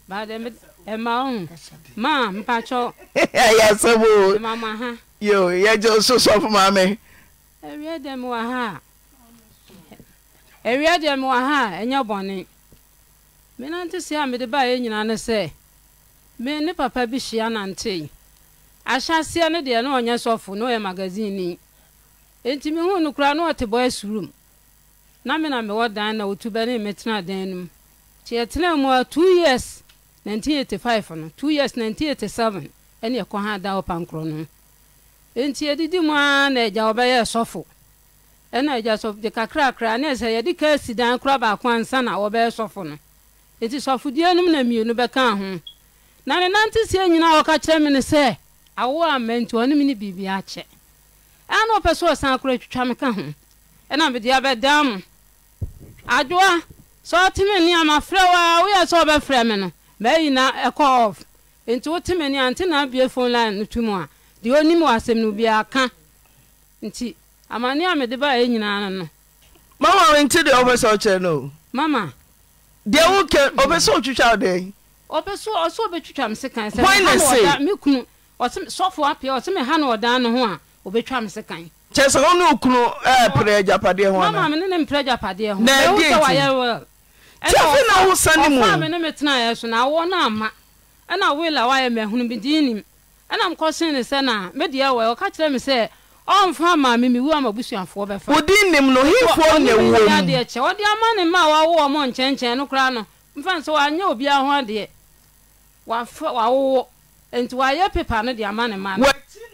baadɛ ɛma wo ma ya
yɛasɛm o mama ha yo yɛgye so sɔfo maa me
awia deɛ mewɔ ha a awia deɛ mewɔ ha a ɛnyɛ bɔne na se a mede baeɛ nyinaa ne sɛ me ne papa bi hyia na ahyɛ aseɛ no deɛ ne ɔnyɛ sɔfo ne ɔyɛ magazine ni enti mehu no koraa na ɔte bɔ asurom na me na mewɔ dan na otu wɔtu bɛne tena dan no mu nti yɛtena mu a 2 years 1985 no two years 1987 ɛne ɛkɔ ha da wɔ pankorɔ no enti yɛdidi mu a na agya wɔbɛyɛ sɔfo ɛna agya sɔfo de kakrakra ne sɛ yɛde ka si dan kora baako ansa na wɔbɛyɛ sɔfo no sɔfo sɔfodua nom na mmienu bɛka ho na ne nante sie nyinaa wɔka kyerɛ me ne sɛ awo a mma nti ɔne me ne biribi akyɛ ɛna ɔpɛ sɛ ɔsan kora atwitwa me ka ho ɛna mede abɛdan mo adoa sɛ ɔteme nni ama frɛ w woyɛ sɛ ɔbɛfrɛ me no maayina ɛkɔ off nti woteme nni a nte na abie phone line no to a deɛ onim wɔ asɛm no biara ka nti amane a baa ɛ nyinaa no no
mama nti deɛ wopɛ sɛ ɔkyerɛ no o mama deɛ wokɛ ɔpɛ sɛ ɔtwitwa
wo ɔpɛ so ɔsɛ ɔbɛtwitwa me sekan sɛ me kunu sɔfo apia ɔte me ha no ɔdan no ho a obɛtwa me se kan
kyɛ sɛ wone okunu prɛ agyapadeɛ
hoamamene ne
na wo sane mu
me so na awɔ no ama ɛna wela woayɛ me ahono ɛna mekɔsen sɛ na medeɛ wɔ ɔka kyerɛ me sɛ ɔmfa ma me mewu ama busuafoɔ bɛfa wodin nim no hefoɔ ne wɔmdeɛ kyɛ ama ne ma mɔ nkyɛnkyɛn no koraa no mfa sɛ wanyɛ ho adeɛ wawowɔ wayɛ pepa no de ama ne ma no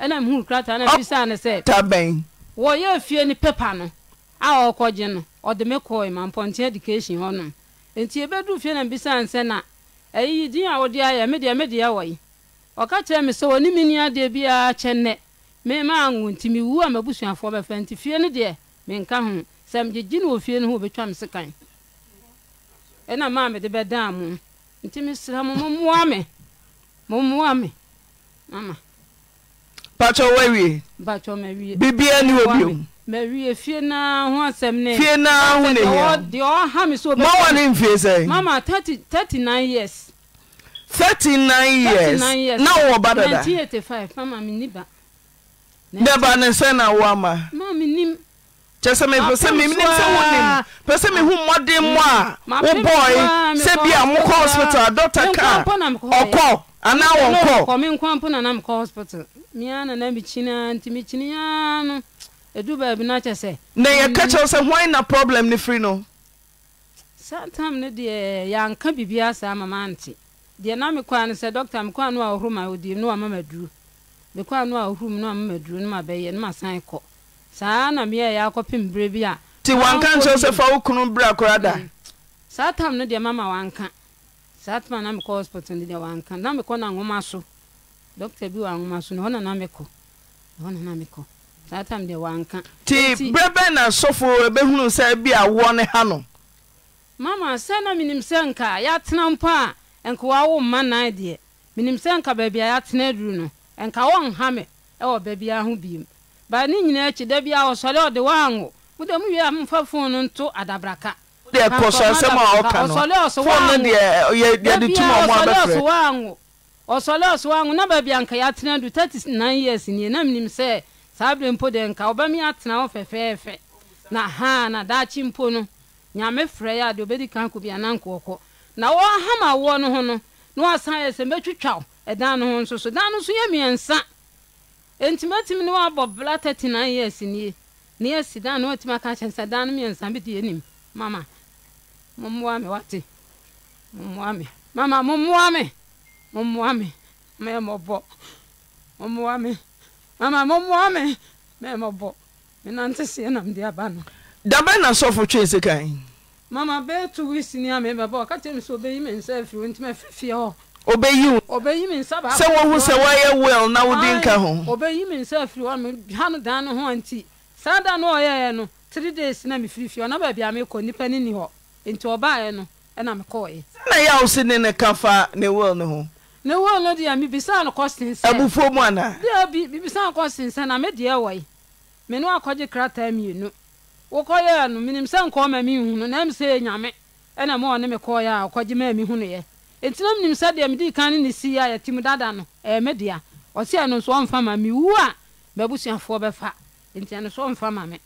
ɛna mehuu krataa na bisa ne sɛ tabɛn wɔyɛ fie ne pepa no a ɔkɔgye no ɔde me kɔe mampɔnten education hɔ nom Nti ebɛduru fie na bisa ne sɛ na ɛyi din a wɔde ayɛ medeɛ medeɛ wɔyi ɔka kyerɛ me sɛ wɔne me bi a kyɛ nnɛ memaa ngo nti mewu a mabusuafoɔ bɛfɛ nti fie no deɛ menka ho sɛ megyegye ne wɔ fie no ho wɔbɛtwa me sekan ɛna maa mede bɛdaa mo nti mesrɛ mo mommoa me mommoa me mama pakyɛ woawie biribia ne wɔbiofie naa ho nehimma wane mfie sɛ 39 years
na wowɔ ba dada dɛ ba ne sɛn na wo ama
kyɛ
sɛ mepɛ sɛ memnim sɛ wonim pɛ sɛ mehu mmɔden mmɔ a wobɔe sɛ bia mokɔ hospital dɔta kaa ɔkɔ anaa wɔn kɔ.
kɔmi hospital mia nana nti no edu baabi na sɛ. na yɛ mm. kɛkyɛw sɛ
hwan na problem firi no.
santam ne deɛ yanka bibi asa ama ma nti deɛ sɛ dɔkta no a ohuru ma odi no ama ma duro a mu ma duro ma bɛyɛ ma san kɔ saa na mi yɛ bere bi a. ti wanka sɛ fa
okunu bra koraa da. Mm.
santam ne deɛ mama saatuma na mekɔ hospital ndi deɛ wanka na mekɔ na nwoma so dɔkta bi wɔ anwoma so na hɔ na na mekɔ na hɔ na na mekɔ saa tam deɛ wanka
nti berɛ bɛn na sɔfo ɛbɛhunu sɛ bi a woɔ ne ha no
mama sɛ na menim sɛ nka yɛatena mpo a nka awo mma nan deɛ menim sɛ nka baabi a yɛatena duru no nka wɔnha me ɛwɔ baabiara ho biem ba ne nyinaa akyi da bi a ɔsɔre ɔde wɔanwo wode mu wie a memfa fo no nto adabraka
deɛ kɔsɔnsɛm a ɔka no fone no deɛ yɛde tum ɔmo abɛfrɛ
ɔsɔle ɔso anwo na baabi anka yɛatena du 39 years nie na menim sɛ saa berɛ mpo de nka wobɛme atena wo fɛfɛɛfɛ na ha na daakye mpo no nyame frɛ yɛ a deɛ obɛdi kan kɔ biana nkɔɔkɔ na wɔhama woɔ no ho no na wasan yɛ sɛ mɛtwitwa ɛdan no ho nso so dan no nso yɛ mmiɛnsa enti mɛtumi ne waabɔ bla 39 years nie na yɛsi dan no watumi aka kyɛn sɛ dan no mmiɛnsa bi deɛ nim mama mumwami wathi mumwami mama mumwami mumwami memobo mumwami mama mumwami memobo mina ntisiye nam ndiyabana dabe na sɔfo twe sika yi. mama bɛɛ tu weeks ni a mɛ baba ɔka kyerɛ mi sɛ ɔbɛyi mi nsa efi wɔn ntoma fi hɔ. ɔbɛyi wo ɔbɛyi mi nsa baako sɛ wɔhu sɛ wɔyɛ well na wodi nka ho. ɔbɛyi mi nsa efi hɔ mi ha no dan no ho nti saa dan no ɔyɛ yɛ no three days na mi firi fie ɔna baabi a mi kɔ nipa ni ni hɔ. nti ɔbaeɛ no ɛna mekɔɔɛ
na yɛ wo se ne ne ka fa ne wil no ho
ne wil no deɛ mebisaa no kɔsten sɛ abufuo mu anaa deɛ mebisaa no kɔsten sɛ na medeɛ wɔe me ne wakɔgye krataa mmienu wokɔyɛɛ no menim sɛ nkɔɔ ma menhunu na m sɛ nyame ɛna ma ɔne mekɔɔyɛ a ɔkɔgye maa mehunuɛ enti na menim sɛ deɛ mede kan ne ne sii a yɛtim dada no ɛɛ me dea ɔsɛ ɛno nso ɔmfa ma me wu a baabusuafoɔ bɛfa enti ɛno so ɔmfa ma me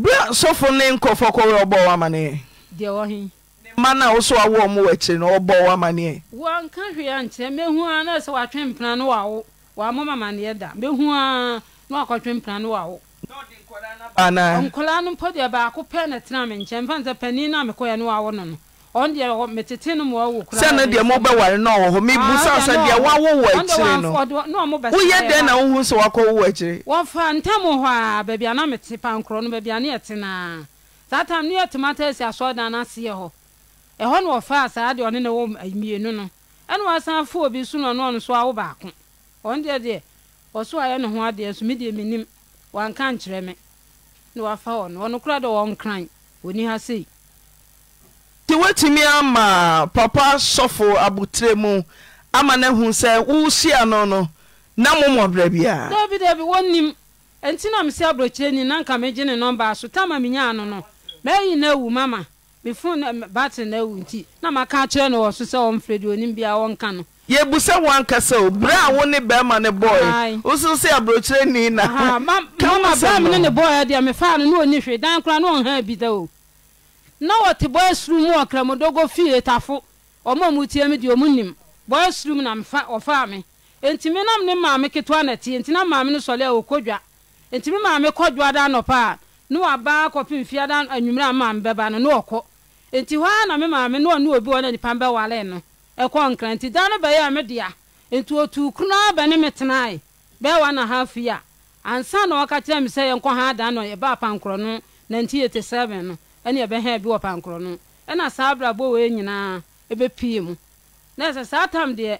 berɛ sɔfo ne nkɔfɔ kɔwɛ ɔbɔ wamaneɛ
ma na wo so wawoɔ
mo no ɔbɔ
wɔnka hwee a nkyerɛ mɛhu a na sɛ watwe mpena no wawo wɔamɔma ya da mɛhu a na wakɔtwe mpena no wawo
nkɔlaa
no mpɔ deɛ baako pɛ na tena me nkyɛn mfa ne sɛ panin no a mekɔɛ no wawo no no sɛne deɛ mobɛware
na ɔwɔ hɔ mebusaw sɛ deɛ woawowo akyiri
no woyɛ dɛn na wohu
sɛ woakɔ wowo akyiri
wɔfa ntam hɔ a baabi a na mete pankorɔ no baabi a ne yɛtenaa saa tam ne yɛtomata asi asɔɔdan no aseɛ hɔ ɛhɔ na wɔfaa saa deɛ ɔne ne wɔ eh, mmienu no ɛne wɔasan obi so no ɔno ɔno so awo baako ɔno deɛ deɛ ɔso ayɛ ne ho adeɛ so medeɛ menim wanka nkyerɛ me na wafa hɔ ɔno kora deɛ wɔnkran ɔni ha sei
nti ama papa sɔfo abotire mu ama no hu sɛ wosia no no na momɔberɛ biadabidabi
wɔnim nti na mesi aborɔkyerɛ ni na nka megye ne nɔmbaa so tama menyaa no no mayi no awu mama mefo no awu nti na maka kyerɛ no wɔ so sɛ ɔmfrɛ de wɔnka no
yɛbu sɛ o
berɛ a wo ne bɛrima ne woso sɛ aborɔkyerɛ ni na mama bɛrɛ ne deɛ mefaa no ne ɔni dan na wɔte boys room wɔ kramodogo fie tafo ɔmo a mo tie mi deɛ ɔmo nim boys room na mfa ɔfaa mi nti me nam ne maame ketewa na tie na maame no sɔle a ɔkɔ dwa nti me maame kɔ dwa da anɔpa a ne waba akɔpem fie da anwummerɛ a maame bɛba no ne ɔkɔ nti hɔ a na me maame ne ɔne obi wɔ na nipa bɛwale no ɛkɔ nkra nti da no bɛyɛ a me dea nti otu kunaa bɛne me tenae bɛwa na ha fie ansa na ɔka kyerɛ me sɛ yɛnkɔ ha da no yɛba apankorɔ no 1987 no ɛne ɛbɛhɛ bi wɔ pankorɔ no ɛna saa abrabɔ wei nyinaa ɛbɛpie mu na ɛsɛ saa tam deɛ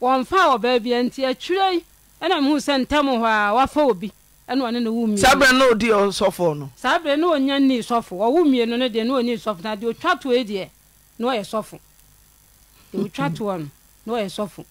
wɔmfa wɔ baabia nti atwirei ɛna mehu sɛ ntam hɔ a wafa obi ɛna ɔne ne wo mmienu saa berɛ na
ɔdi ɔsɔfo no
saa berɛ na ɔnya ni sɔfo ɔwo mmienu no deɛ na ɔni sɔfo na deɛ ɔtwa toɔ deɛ na ɔyɛ sɔfo deɛ ɔtwa toɔ no na ɔyɛ sɔfo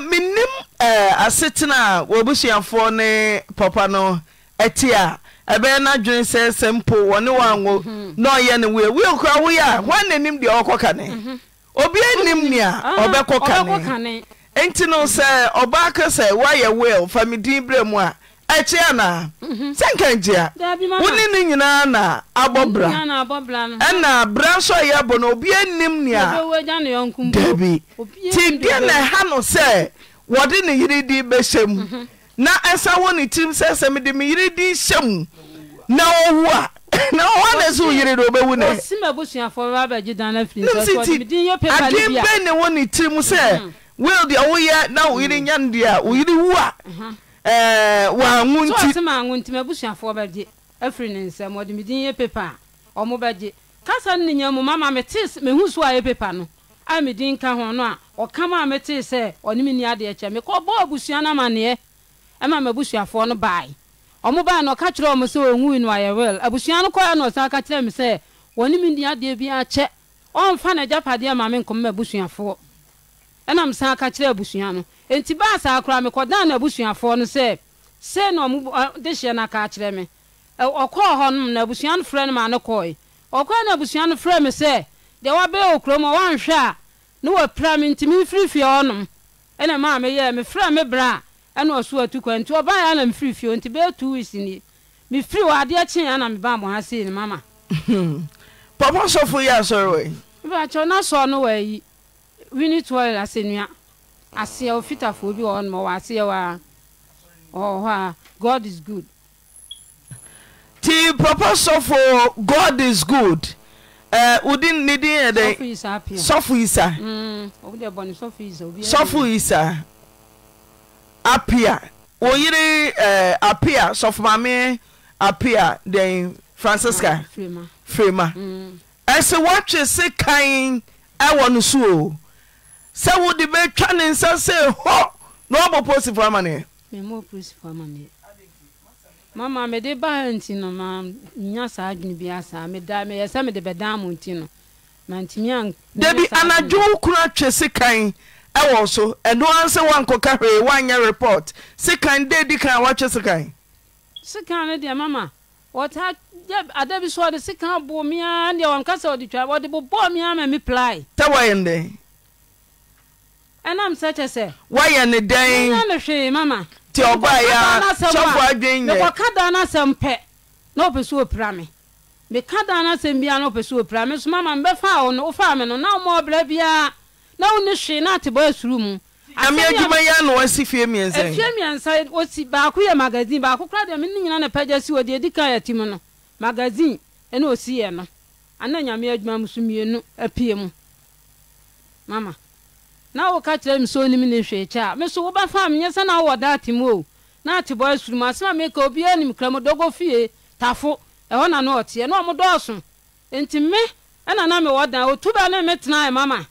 menim asetena a ne papa no ɛti a ebe n'adwene sɛ sɛ mpo wɔne wanwo na ɔyɛ mhm. ne wie wie kora woyɛ a hwan mhm. nanim deɛ ɔkɔ kane mhm. obia nim ah, nea ɔbɛkɔ kane enti no sɛ ɔbaa ka sɛ woayɛ wel fa me din berɛ mu a akyi anaa
sɛ nka nkyea wone
ne nyinaa na abɔ bra
ɛna bra nso ɔyɛ abɔ
no obia nim nea
dabi nti deɛ na ɛha
no sɛ wɔde ne yere di bɛhyɛ mu na ɛsa wɔ ne tirim sɛ sɛ mede me yere din hyɛ mu na ɔwu a na ɔwɔ na sɛ woyere de obɛwu nɛnmsiti
adwen bɛn ne
wɔ ne tirim sɛ mhm. deɛ woyɛ na wo yere nya deɛ a wo yere wu a
wɔawo nti kasa no nenya mu mama metee mehu so a yɛ pepa no a medin ka ho no a a sɛ ɔne adeɛ kyɛ abusua no ma mabusuafoɔ no bae ɔmo baa na ɔka kyerɛ ɔmo sɛ ɔwui no ayɛ wel abusua no kɔɛ na ɔsan ka kyerɛ me sɛ wɔne me adeɛ bi akyɛ ɔmfa na agyapadeɛ ma me nkɔm ma ɛna ɛnam san ka abusua no enti baasa saa koraa mekɔdan na abusuafoɔ no sɛ sei na ɔmo de hyɛ no aka kyerɛ me ɔkɔɔ hɔ nom na abusua no frɛ no ma ne kɔe ɔkɔɔ na abusua no frɛ sɛ deɛ wɔ kurom a ɛna ɛna ɔso atu kwa nti ɔba yɛ na mfiri fie nti bɛyɛ two weeks ni mefiri wɔ adeɛ kyee ana meba mo ha sei ne mama
papa sɔfo yɛ asɔre wei
mebakyɛ na sɔɔ no wɔ ayi wini toɔ asɛnnua aseɛ ofitafoɔ bi wɔ hɔ noma aseɛ wɔ ɔwɔ hɔ a god is good
ti papa sɔfo god is good wodi ne din yɛ dɛ sɔfo
isa sɔfo isa
mm, apia wɔyere eh, ɛɛ apia sɔfomame apia den francisca firima ɛsɛ wɔtwe se kan ɛwɔ no so o sɛ wode bɛtwa ne nsa sɛ hɔ na ɔbɔ posifo ama ne
mama mede baa nti no ma nya saa adwene bi asaa meda meyɛ sɛ mede bɛdan mo nti no mantumi dabi anadwo
wo kunu atwe se kan ɛwɔ so ɛnoasɛ wankɔkahe woyɛ repot sekan dɛdi kan watwe seka ɛɛ
na wo ne hwee na atebɔ asuru mu nyame adwuma yi ano wasi
fie mmiɛnsa efie
mmiɛnsa osi baako yɛ magazine baako kora deɛ mene nyina na pagya si wɔ deɛ edi kan mu no magazine ɛna osi yɛ no ana nyame adwuma mu so mmienu apie mu mama na woka kyerɛ me sɛ onim ne hwee kyɛ a me so wobɛfa menyɛ sɛ na wowɔ daate mu o na atebɔ asuru mu asɛm a meka obiaa nim kra mu dɔgɔ fie tafo ɛhɔ na no ɔteɛ na ɔmo dɔɔso enti me ɛna na mewɔ dan otu bɛ ne me tena ɛ mama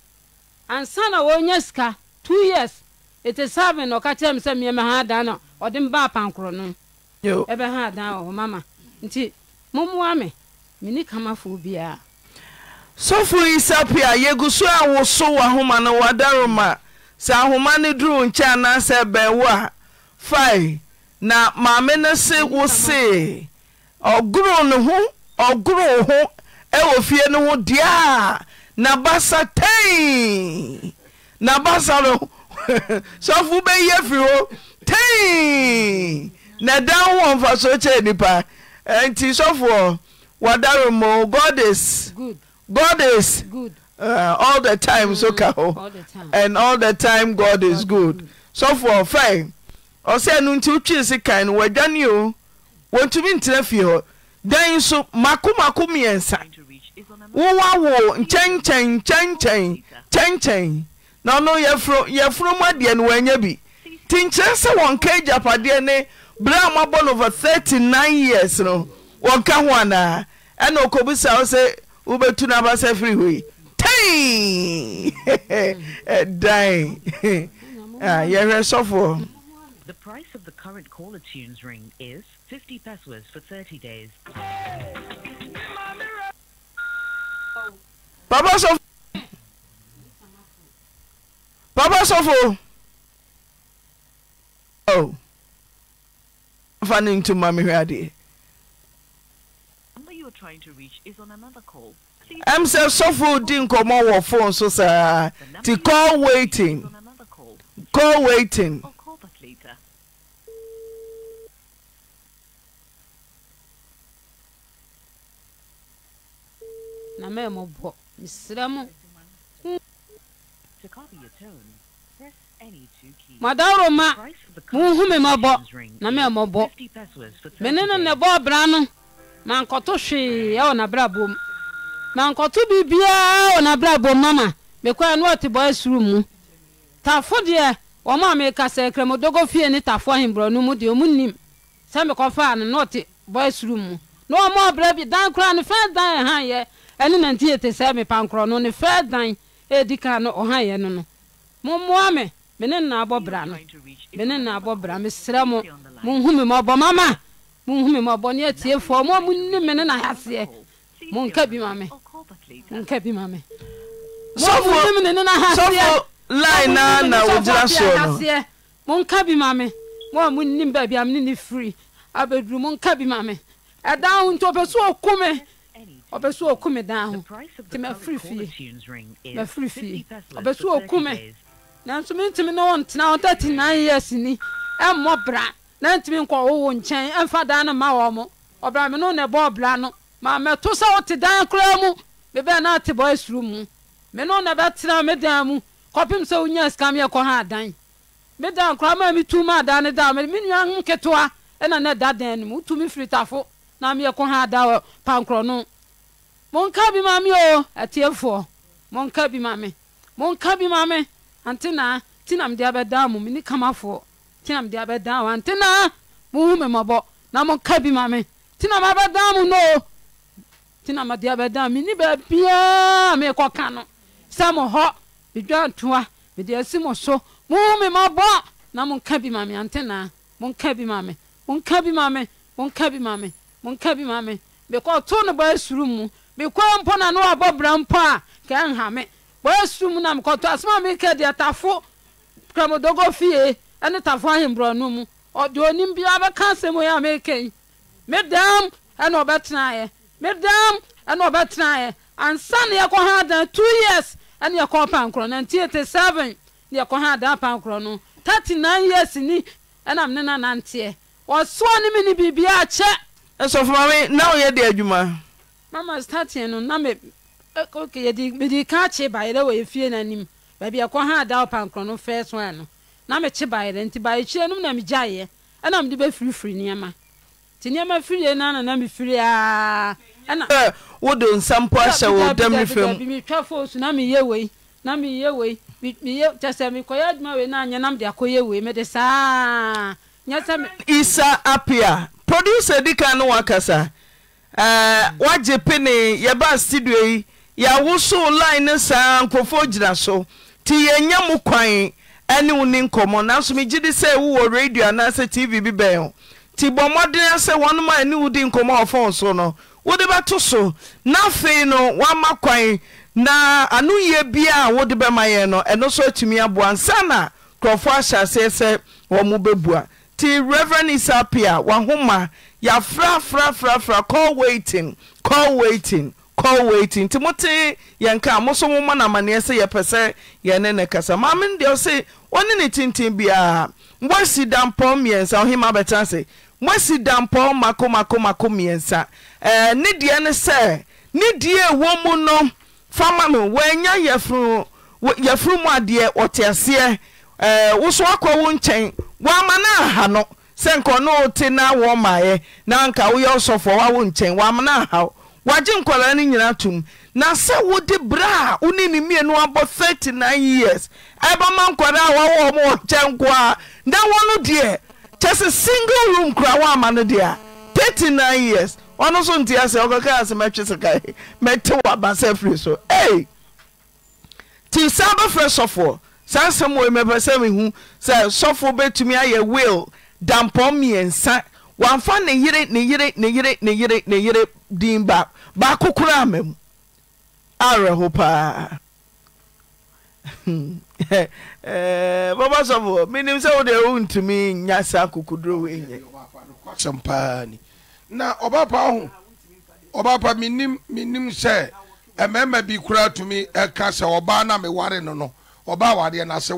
ansa na wɔnya sika two years ɛte seven na ɔka kyerɛ me sɛ mmeɛma ha adan na ɔde me baa pankorɔ no ɛbɛha adan wɔ hɔ mama nti mommoa me mene kamafoɔ biaa
sɔfo isapi a yɛgu so a woso w'ahoma no w'adaroma sɛ ahoma no duru nkyɛ anaasɛ ɛbɛɛwo a fae na maame no se wo see ɔgoro ne ho ɔgoro ho ɛwɔ fie no ho deɛ a na basa tei na basa no sɔfo bɛyɛ firi hɔ tei na dan wɔ mfaso kyerɛ nipa nti sɔfoɔ wadare mo god is good. god is good. Uh, all the time mm, so ka ho and all the time god is god good sɔfoɔ fine ɔsɛ ɛnu nti wotwi si kan no wɔadwane o wɔntumi ntena fie hɔ dan nso mako mako mmiɛnsa. wowawoo nkyɛnkyɛn nkyɛnkyɛn nkyɛnkyɛn na ɔno yɛfro yɛfunomu adeɛ no w'anya bi nti nkyerɛ sɛ wɔnka agyapadeɛ ne bere a moabɔ noova 39 years no wɔnka ho anaa ɛna okɔbusa wo sɛ wobɛtu no abasɛ firi hɔi t
yɛhɛ sɔfoɔ papa sofoɛm
sɛ sofoɔ di nkɔmmɔ wɔ fon so saati c waitin
ca waitin nyame mmɔbɔ mesrɛ mo madaworo ma monhu me mmɔbɔ na me mmɔbɔ mene no ne bɔɔ bra no mankɔto hwee ɛwɔ e n'abrabɔ mankɔto biribiaa wɔ e, e n'abrabɔ mama mekɔɛ no ɔte bɔɛ soro mu tafo deɛ wɔn a meka sɛ kramodogo fie ne tafo ahemborɔno mu deɛ ɔmu nim sɛ mekɔfaa no na ɔte bɔɛ soro mu na wɔn a ɔbrɛ bi dan koraa no fɛn dan ɛhan yɛ ɛne 1987 pankorɔ no ne fɛ dan ɛdi kan no ɔhayɛ no no mommoa me me ne nna abɔ bra no me ne nna abɔ bra mesrɛ mo monhu me mɔbɔ mama monhu me mɔbɔ ne atiefoɔ mo a munni me ne nahaseɛ monka bi ma me monka bi ma me
monhu me ne ne nahaseɛ line na na wogyina soɔ
no monka bi ma me mo a munnim baabi a mene ne firi abɛduru monka bi ma me ɛdan nti ɔpɛ sɛ ɔku me ɔbɛ so oku mi dan ho te ma firi fie ma firi fie ɔbɛ so oku mi nanso mi ntumi ne wɔn tena wɔn thirty nine years ni ɛmmɔ bra na ntumi nkọ wɔwɔ nkyɛn ɛnfa dan no ma wɔn mo ɔbra mi no na ɛbɔ ɔbra no maa mɛ to sɛ ɔte dan koraa mu bɛbɛn na ate bɔ esuru mu mi na bɛtena mi dan mu kɔpem sɛ wonya sika mi ɛkɔ ha dan mi dan koraa maa mi tu mu adan ne dan mi nua nketewa ɛna ne da dan ne mu tu mi firi tafo na mi ha da no. monka bi ma o atiefoɔ monka bi ma me monka bi ma me ante naa ti na mede mu mene kamafoɔ ti na mede abɛdaa wo ante mohu me mmɔbɔ na monka bi ma me ti na mu no ti na mede abɛdaa mene baabiaa mekɔka no sɛ mo hɔ medwa ntoa mede asi mo so mohu me mmɔbɔ na monka bi ma me ante naa monka bi ma me monka bi ma me monka bi ma me monka bi ma me mekɔto no baa suru mu mekɔ mpo na ne wabɔ bra mpo a ka nha me wɔasum na mekɔtɔ asɛm a meka deɛ tafo kramodogo fie ne tafo ahemborɔno mu ɔde onim biara bɛka asɛm ɔyɛ a meka yi medam ɛna ɔbɛtenaeɛ medam ɛna ɔbɛtenaeɛ ansa ne yɛkɔ ha adan two years ɛne yɛkɔ pankorɔ no nti eighty seven ne yɛkɔ ha adan pankorɔ no thirty nine years ni ɛna mene nananteɛ wɔsoɔ ne me ne biribiaa kyɛ
ɛsɔfo ma me na woyɛ de adwuma
mama starting no na me ok yɛde mede ka bayerɛ wɔ efie n'anim baabi ɛkɔ ha ada ɔpankorɔ no first one no na mekye bayerɛ nti bayerɛkyerɛ no mu na megyaeɛ ɛna mede bɛfirifiri nneɛma nti nneɛma firie no na mefiri aa ɛna
wode nsa mpo ahyɛ wo dam ne fam
metwa fosu na meyɛ wei na meyɛ wei meyɛ kyɛ sɛ mekɔyɛ adwuma wei na anyɛ na mede akɔyɛ wei mede saa nyɛ sɛ
isa apia producer di ka ne wakasa Eh, woagye pene yɛba studio yi yɛawosowo line ne saa nkurɔfoɔ gyina so nti yɛnya mo kwan ɛne wo ni nkɔmmɔ nanso megye de sɛ wowɔ radio anaasɛ tv bi bɛn ho nti bɔ mmɔdena sɛ wɔnom a ɛne wodi nkɔmmɔ ɔfon so no wode bɛto so na afei no woama kwan na ano yie biaa wode bɛma yɛn no ɛno so atumi aboa nsa na kurɔfoɔ ahyɛ aseɛ sɛ wɔ mo bɛbua nti reverɛn isaapia wahoma yafrafrafrafra cl watin clwting cl wtin nti mote yɛnkaa moso mommɔ na amanneɛ sɛ yɛpɛ sɛ yɛne ne kasa mamn deɛ ɔse ɔne ne tinten biaa wasi dapɔmɛsemabɛease asi dampɔw makokmɛsa ne deɛ ne sɛ ne deɛ wɔ mu no famao wanya yafurumu adeɛ ɔteaseɛ woso wakoa wo nkyɛn wɔama ne aha no sɛ nkɔ ne wote na wɔ maeɛ na anka woyɛ ɔsɔfoɔ woawo nkyɛn wamana haw wagye nkɔraa no nyina tom na sɛ wode berɛ a wo ne nemienu abɔ 39 years ɛbɛma nkɔraa a woawɔ ma wɔkyɛ nko a na wɔ no deɛ kyɛ sɛ single room kora woama no deɛ a 39 years ɔno so nti asɛ ɔkɔkaa sɛ mɛtwe sekae mɛte waba sɛ afiri so e ti saa bɛfrɛ sɔfoɔ saa nsɛm wɔ mɛpɛ sɛ mehu sɛ sɔfoɔ bɛtumi ayɛ will dampɔn mmiɛnsa wamfa ne yere ne yere ne yere ne yere ne yere din ba baako ama mu awerɛho paa eh, bɔbɔ
sɔfo menim sɛ wode wo ntumi nya saa kokoduro wei nyɛ na ɔbapa ho ɔbapa menim menim sɛ bi tumi ɛka sɛ ɔbaa na meware no no ɔbaa no ase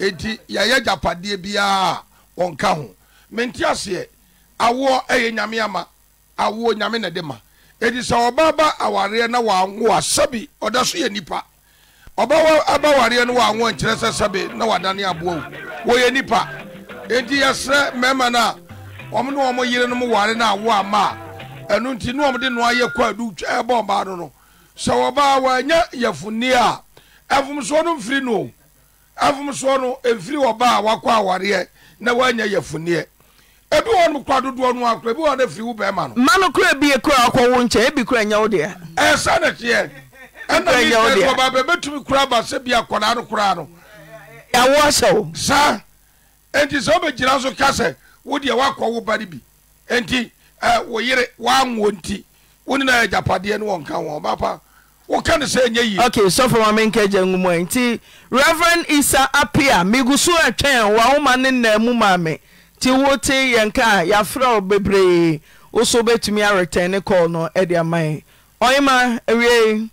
enti yɛyɛ gyapadeɛ biara wọn ka ho mente aseɛ awoɔ ɛyɛ nyame ama awoɔ nyame na de ma ɛdi sɛ ɔba ba awareɛ na wɔanwo a sɛbi ɔda so yɛ nipa ɔba aba awareɛ no wɔanwo nkyerɛ sɛ sɛbi na wɔadane aboa wo wɔyɛ nipa enti yɛsrɛ mmarima na a ɔmo ne ɔmo yere no mo ware na awo ama ɛnu nti ne ɔmo de no ayɛ kɔ adu twa ɛbɔ ɔbaa no no sɛ ɔbaa wɔanya yɛfuni a ɛfomsoɔ no mfiri no ɛfomsoɔ no ɛmfiri ɔbaa wakɔ awareɛ na wanya yɛ funeɛ ebi wɔ no kura dodoɔ no akora ebi wɔ no firi wo no. mma kura bi ekura akɔ wo nkyɛn ebi kura nya deɛ. ɛsɛ ne teɛ ɛna mi kura ba sɛ bi no kura no. nti sɛ so kasɛ wo deɛ wakɔ wo ba nti ɛ wo yere wanwo nti wo yɛ japadeɛ wɔn ka wɔn wo ne sɛ ok reverend isa apia migu
so atwɛn wawoma ne nnaa mu maame nti wote yɛnka a yɛafrɛ wo bebree wo so wobɛtumi aretɛn ne kɔɔ no ɛde ama yɛn ɔyema awiei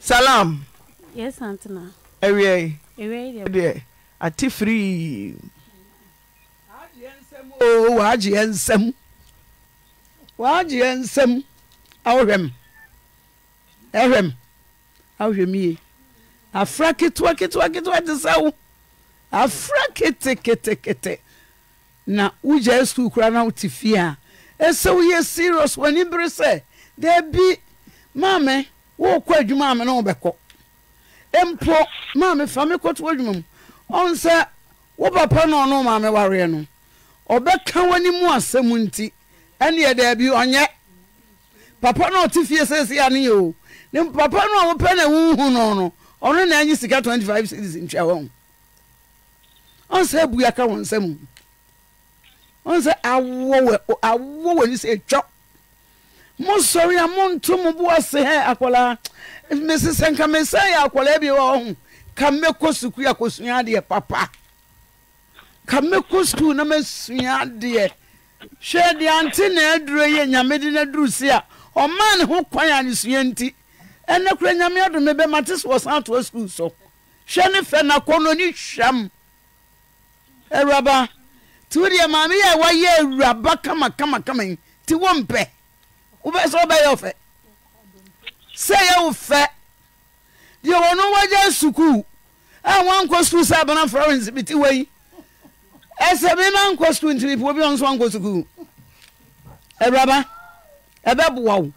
salam
awiei deɛ ate firii waagye yɛ nsɛm waagye yɛ nsɛm awohwɛm ɛhwɛm awohwɛm yie afra ketewa ketewa ketewa te sɛ wo afra keteketekete na wogyae sukuul koraa na wote fie a ɛsɛ woyɛ serious w'ani bere sɛ daabi maame worekɔ adwuma ame ne wobɛkɔ mpo maame fa me kɔto adwuma mu ɔn sɛ wo papa na ɔno maame wareɛ no ɔbɛka w'anim asɛm nti ɛneɛ daabi ɔnyɛ papa na ɔte fie sɛsie a ne yɛ o ne papa na a wopɛ na wuhu no no ɔno na anyi sika twenty five cities ntwa wɔn ɔnsɛ ebu aka wɔn nsam ɔnsɛ awɔ wɔ awɔ wɔ ni sɛ etwa mo sɔrɔ ya mo nto mo bu ɔse hɛ akɔla mesi sɛ yɛ akɔla bi wɔ ɔho ka mme sukuu yɛ kɔ sua adeɛ papa ka mme sukuu na mme sua adeɛ hwɛ deɛ ante na aduro yɛ nyame de na aduro si a ɔmaa ne ho kwan a ne sua nti ɛnɛ kura nyame adome bɛ mate sɛ wɔsan atoa sukuu so hwɛ ne fɛ nakɔnɔ ne hwam awuraba nti wodeɛ maame yɛ a wayɛ awuraba kamakamakama yi nti wompɛ wobɛ sɛ wobɛyɛ wo fɛ sɛ yɛ wo fɛ deɛ wɔno wagya sukuu a wankɔ sukuu sɛ abana florence bi ti wɔ yi ɛsɛ me mankɔ sukuu nti mipo bi ɔ nso wankɔ sukuu awuraba ɛbɛboa wo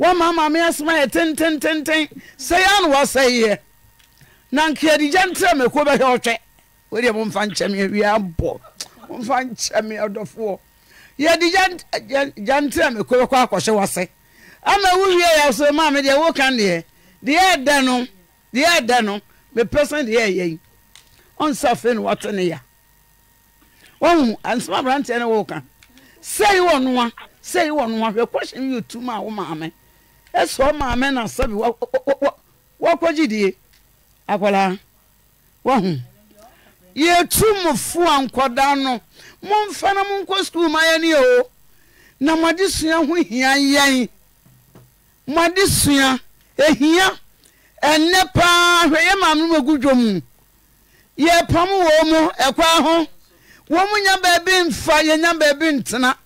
wɔn maa maame asoma yɛ tentententen sɛ yɛn ano wɔsɛ yɛ na nkeadigya ntira mɛ ko bɛyɛ ɔtwɛ wɔn deɛ mo nfa nkyɛn mi awia bɔ mo nfa nkyɛn mi ɔdɔfoɔ yɛdigya ntira mɛ ko bɛkɔ akɔhyɛ wɔsɛ ama ewu wie yɛ so maame deɛ wo kan deɛ deɛ ɛdɛ no deɛ ɛdɛ no mɛ pɛsɛn deɛ ɛyɛ yi ɔnsa fɛn no wɔte ne ya wɔn ansoma aberanteɛ no wo kan sɛ yi wɔ noa sɛ yi wɔ noa hwɛ kɔhyɛn yi o tum maame. ɛsoɔ maame na sɛbi wɔkɔgyidie akwaraa wahu yɛtu mofo a nkɔdaa no momfa na monkɔ sukuul ma yɛne o na mo adesua ho hia yɛn mo adesua ehia ɛnɛ paa hwɛ yɛ maame no magu dwom yɛpam wɔ mu ɛkwa e ho wɔ mu nya baabi mfa yɛnya baabi ntena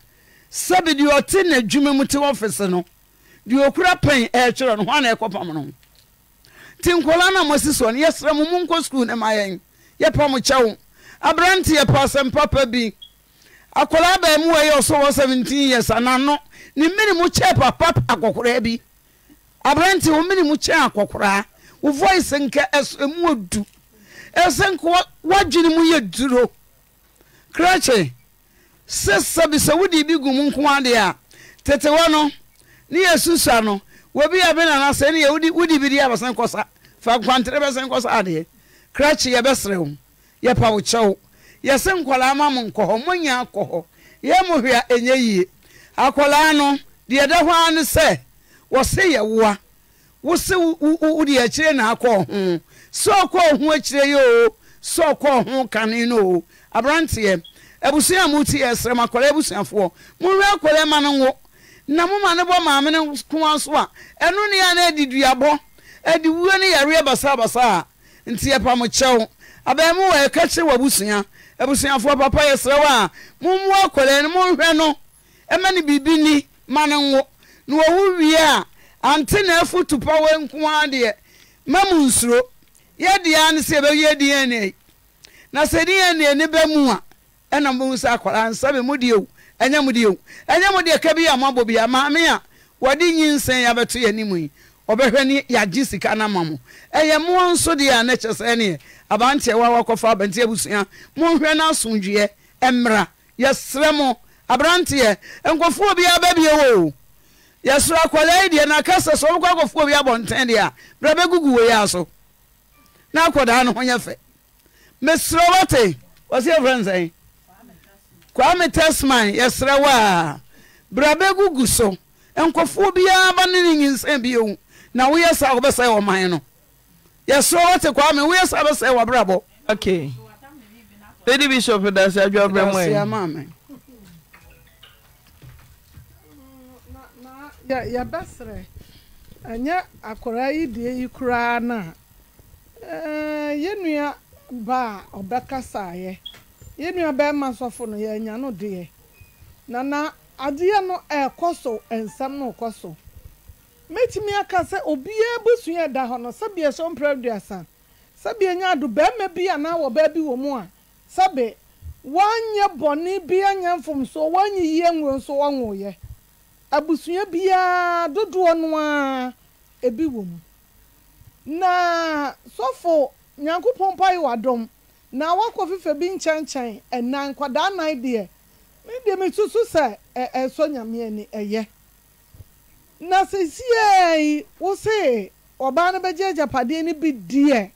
sɛbi deɛ ɔte n'adwuma mu te ɔfise no deɛ okura pɛn ɛɛkyerɛ eh, no ho ana ɛkɔpam no nti nkɔla no a mosi soɔ no yɛsrɛ mo monkɔ skuul ne ma yɛn yɛpa mo kyɛw aberante yɛpɛ asɛmpa pa bi akɔla abaamuwa yɛ ɔsɔ wɔ 17 years anano ne mmiri mu kyɛɛ papa akɔkoraa bi aberante wo mmiri mu kyɛɛ akɔkoraa wo voice nka ɛsɛ mu odu ɛsɛ nka wadwene mu yɛ duro krakye sɛ sɛ bi sɛ wode bi gu mu nko adeɛ a tete hɔ no ne yɛ susua no wɔbi a bɛnanasɛ ne yɛ ụdịbidi bidi abɛsɛn kɔsa fa nkwantere bɛsɛn kɔsa adeɛ krakye yɛbɛserɛ wo yɛpa wo kyɛw yɛse nkɔlaa ma mo nkɔ hɔ monya akɔ hɔ yɛ mo hwɛ yie akɔlaa no deɛ da hɔ na akɔ ho sɛ ɔkɔ ho akyire yi o sɛ ɔkɔ ho kane no o aberanteɛ abusua akɔlaa abusuafoɔ na ma ne bɔ maame ne koa so a ɛno ne na adi duabɔ adi wuo no yɛreɛ basaabasa a nti yɛpa mo kyɛw abɛn mu wɔ ɛka kyerɛ wɔ abusua abusuafoɔ papa yɛsrɛ w a mommoa akɔlɛ no monhwɛ no ɛma ne biribi ma ne nwo na wɔwo wie a ante na afu tu wɔ nkoaa deɛ ma mu nsuro yɛdeɛa ne sɛ yɛbɛwie dn na sɛ dn ne bɛ mu a ɛna mohu sɛ akɔraa nsa bɛ deɛ o enye mu deɛ ɛnyɛ mu ka bi yɛ ọ bi maame a wɔde nyinsɛn abɛto yɛ anim yi ɔbɛhwɛ ne yagye sika no ama mo ɛyɛ mmoa nso a ne kyɛ sɛ neɛ wa wakɔfa abante abusua monhwɛ no asomdweɛ ɛmmra yɛserɛ mo aberanteɛ nkɔfoɔ obi wo obi a gugu ya so na no kwame tesman yɛsrɛ wo Brabe bra bɛgugu so nkɔfoɔ biara ba ne ne nyinsa bio na woyɛ saa wobɛsɛe wɔ man no yɛsrɛ wote kwame woyɛ saa bɛsɛe wɔabrabɔ okay. Lady Bishop dasi adwa brɛ mu
Ya, yɛbɛserɛ ɛnyɛ akwaraa yi deɛ yi na. Eh, a yɛnnua ba a ye. yɛnua bɛrima sɔfo no yɛanya no deɛ na na adeɛ no ɛɛkɔ so nsɛm no ɛkɔ so mɛtumi aka sɛ obiara busua da hɔ no sɛbi ɛhyɛ mpere aduasa sɛbi ɛnya ado bɛrima bi anaa wɔ baabi wɔ mu a sɛbi wɔanyɛ bɔnne bi anyɛ mfomsoɔ wɔanyɛ yie nwo nso wɔnwoyɛ abusua biara dodoɔ no a ebi wɔ mu na sɔfo nyankopɔn pa yi wɔ adɔm. na wakɔ fifa bi nkyɛnkyɛn ɛnan nkwadaa nan deɛ ne deɛ metutu sɛ ɛsɔ nyame ani ɛyɛ na sesie yi wose ɔbaa no bɛgye agyapadeɛ no bi deɛ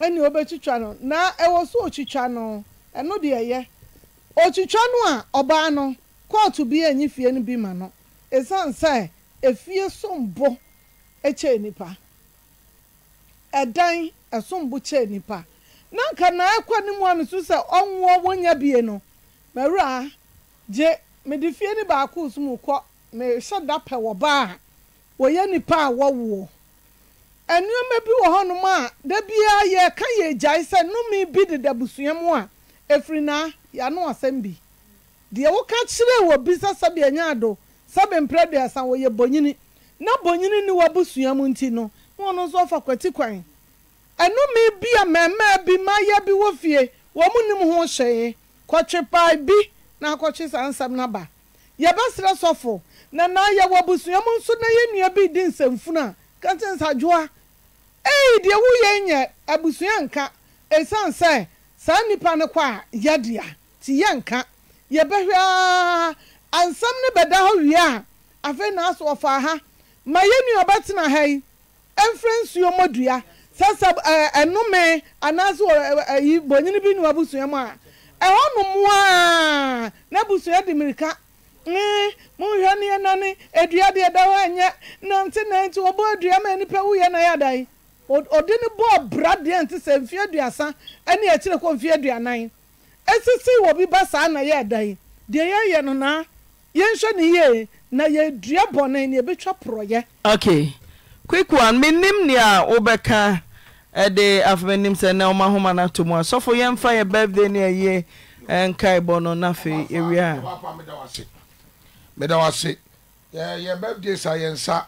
ɛne ɔbɛtwitwa no na ɛwɔ so otwitwa no ɛno deɛ ɛyɛ otwitwa no a ɔbaa no kɔɔto bi anyi fie no bi ma no ɛsiane sɛ efie sombo kyɛɛ nipa ɛdan ɛsombo kyɛɛ nipa na nka na akɔ ne mu a mesu sɛ ɔnwoɔ wɔnya bie no mawura gye mede fie ne baako so mu kɔ mehyɛ da wɔ ba a wɔyɛ nipa a wɔwoɔ nneɛma bi wɔ hɔnom a da biara yɛka yɛ gyae sɛ nnome bi deda busua mu a ɛfiri na yɛano asɛm bi deɛ woka kyerɛ wɔ bi sɛ sɛbe ɛnya ado sɛbe mprɛ deɛ wɔyɛ bonyini na bonyini ni wɔ busua mu nti no na ɔno nso ɔfa kwati kwan ɛnome bi a mɛmɛɛ bi mayɛ bi wɔ fie wɔn mu nim ho hyɛn kɔtwe paa bi na akɔtwe saa nsɛm n'aba yɛbɛsrɛ sɔfo na na yɛwɔ abusua mu nso na yɛ nua bi di nsɛmfunu a kɛntɛ nsadwoa ee deɛ woyɛ nyɛ abusua nka esan sɛ saa nipa no kɔ a yɛdea ti yɛ nka yɛbɛhwɛ aa ansɛm bɛda hɔ wie a afei na aso ɔfa ha ma yɛ nua ɔbɛtena ha yi ɛmfrɛ nsuo mɔdua sasa ɛnume eh, eh, anaasɛ ɛyi eh, bonyini bi nu abusua mu a ɛhɔ nom waa n'abusua di mirika ee mu hwɛ ne yɛ nane edua deɛ da hɔ ɛnyɛ nante nante wɔbɔ edua ma nipa wuyɛ na yɛ adan ɔde ni bɔɔ bra deɛ nti sɛ mfe aduasa ɛne akyire kɔ mfe aduanan esisi wɔ bi ba saa na yɛ adan deɛ yɛyɛ no na yɛnhwɛ ne yie na yɛdua bɔnne na yɛbɛtwa porɔyɛ.
okay quick one menim nea wobɛka ɛde afamanim sɛ na ɔma homa no ato mu asɔfo yɛmfa yɛ birthday ne ɛyɛ nkaebɔ no na afei ɛwie a meda wase
meda yɛ birthday sa yɛnsa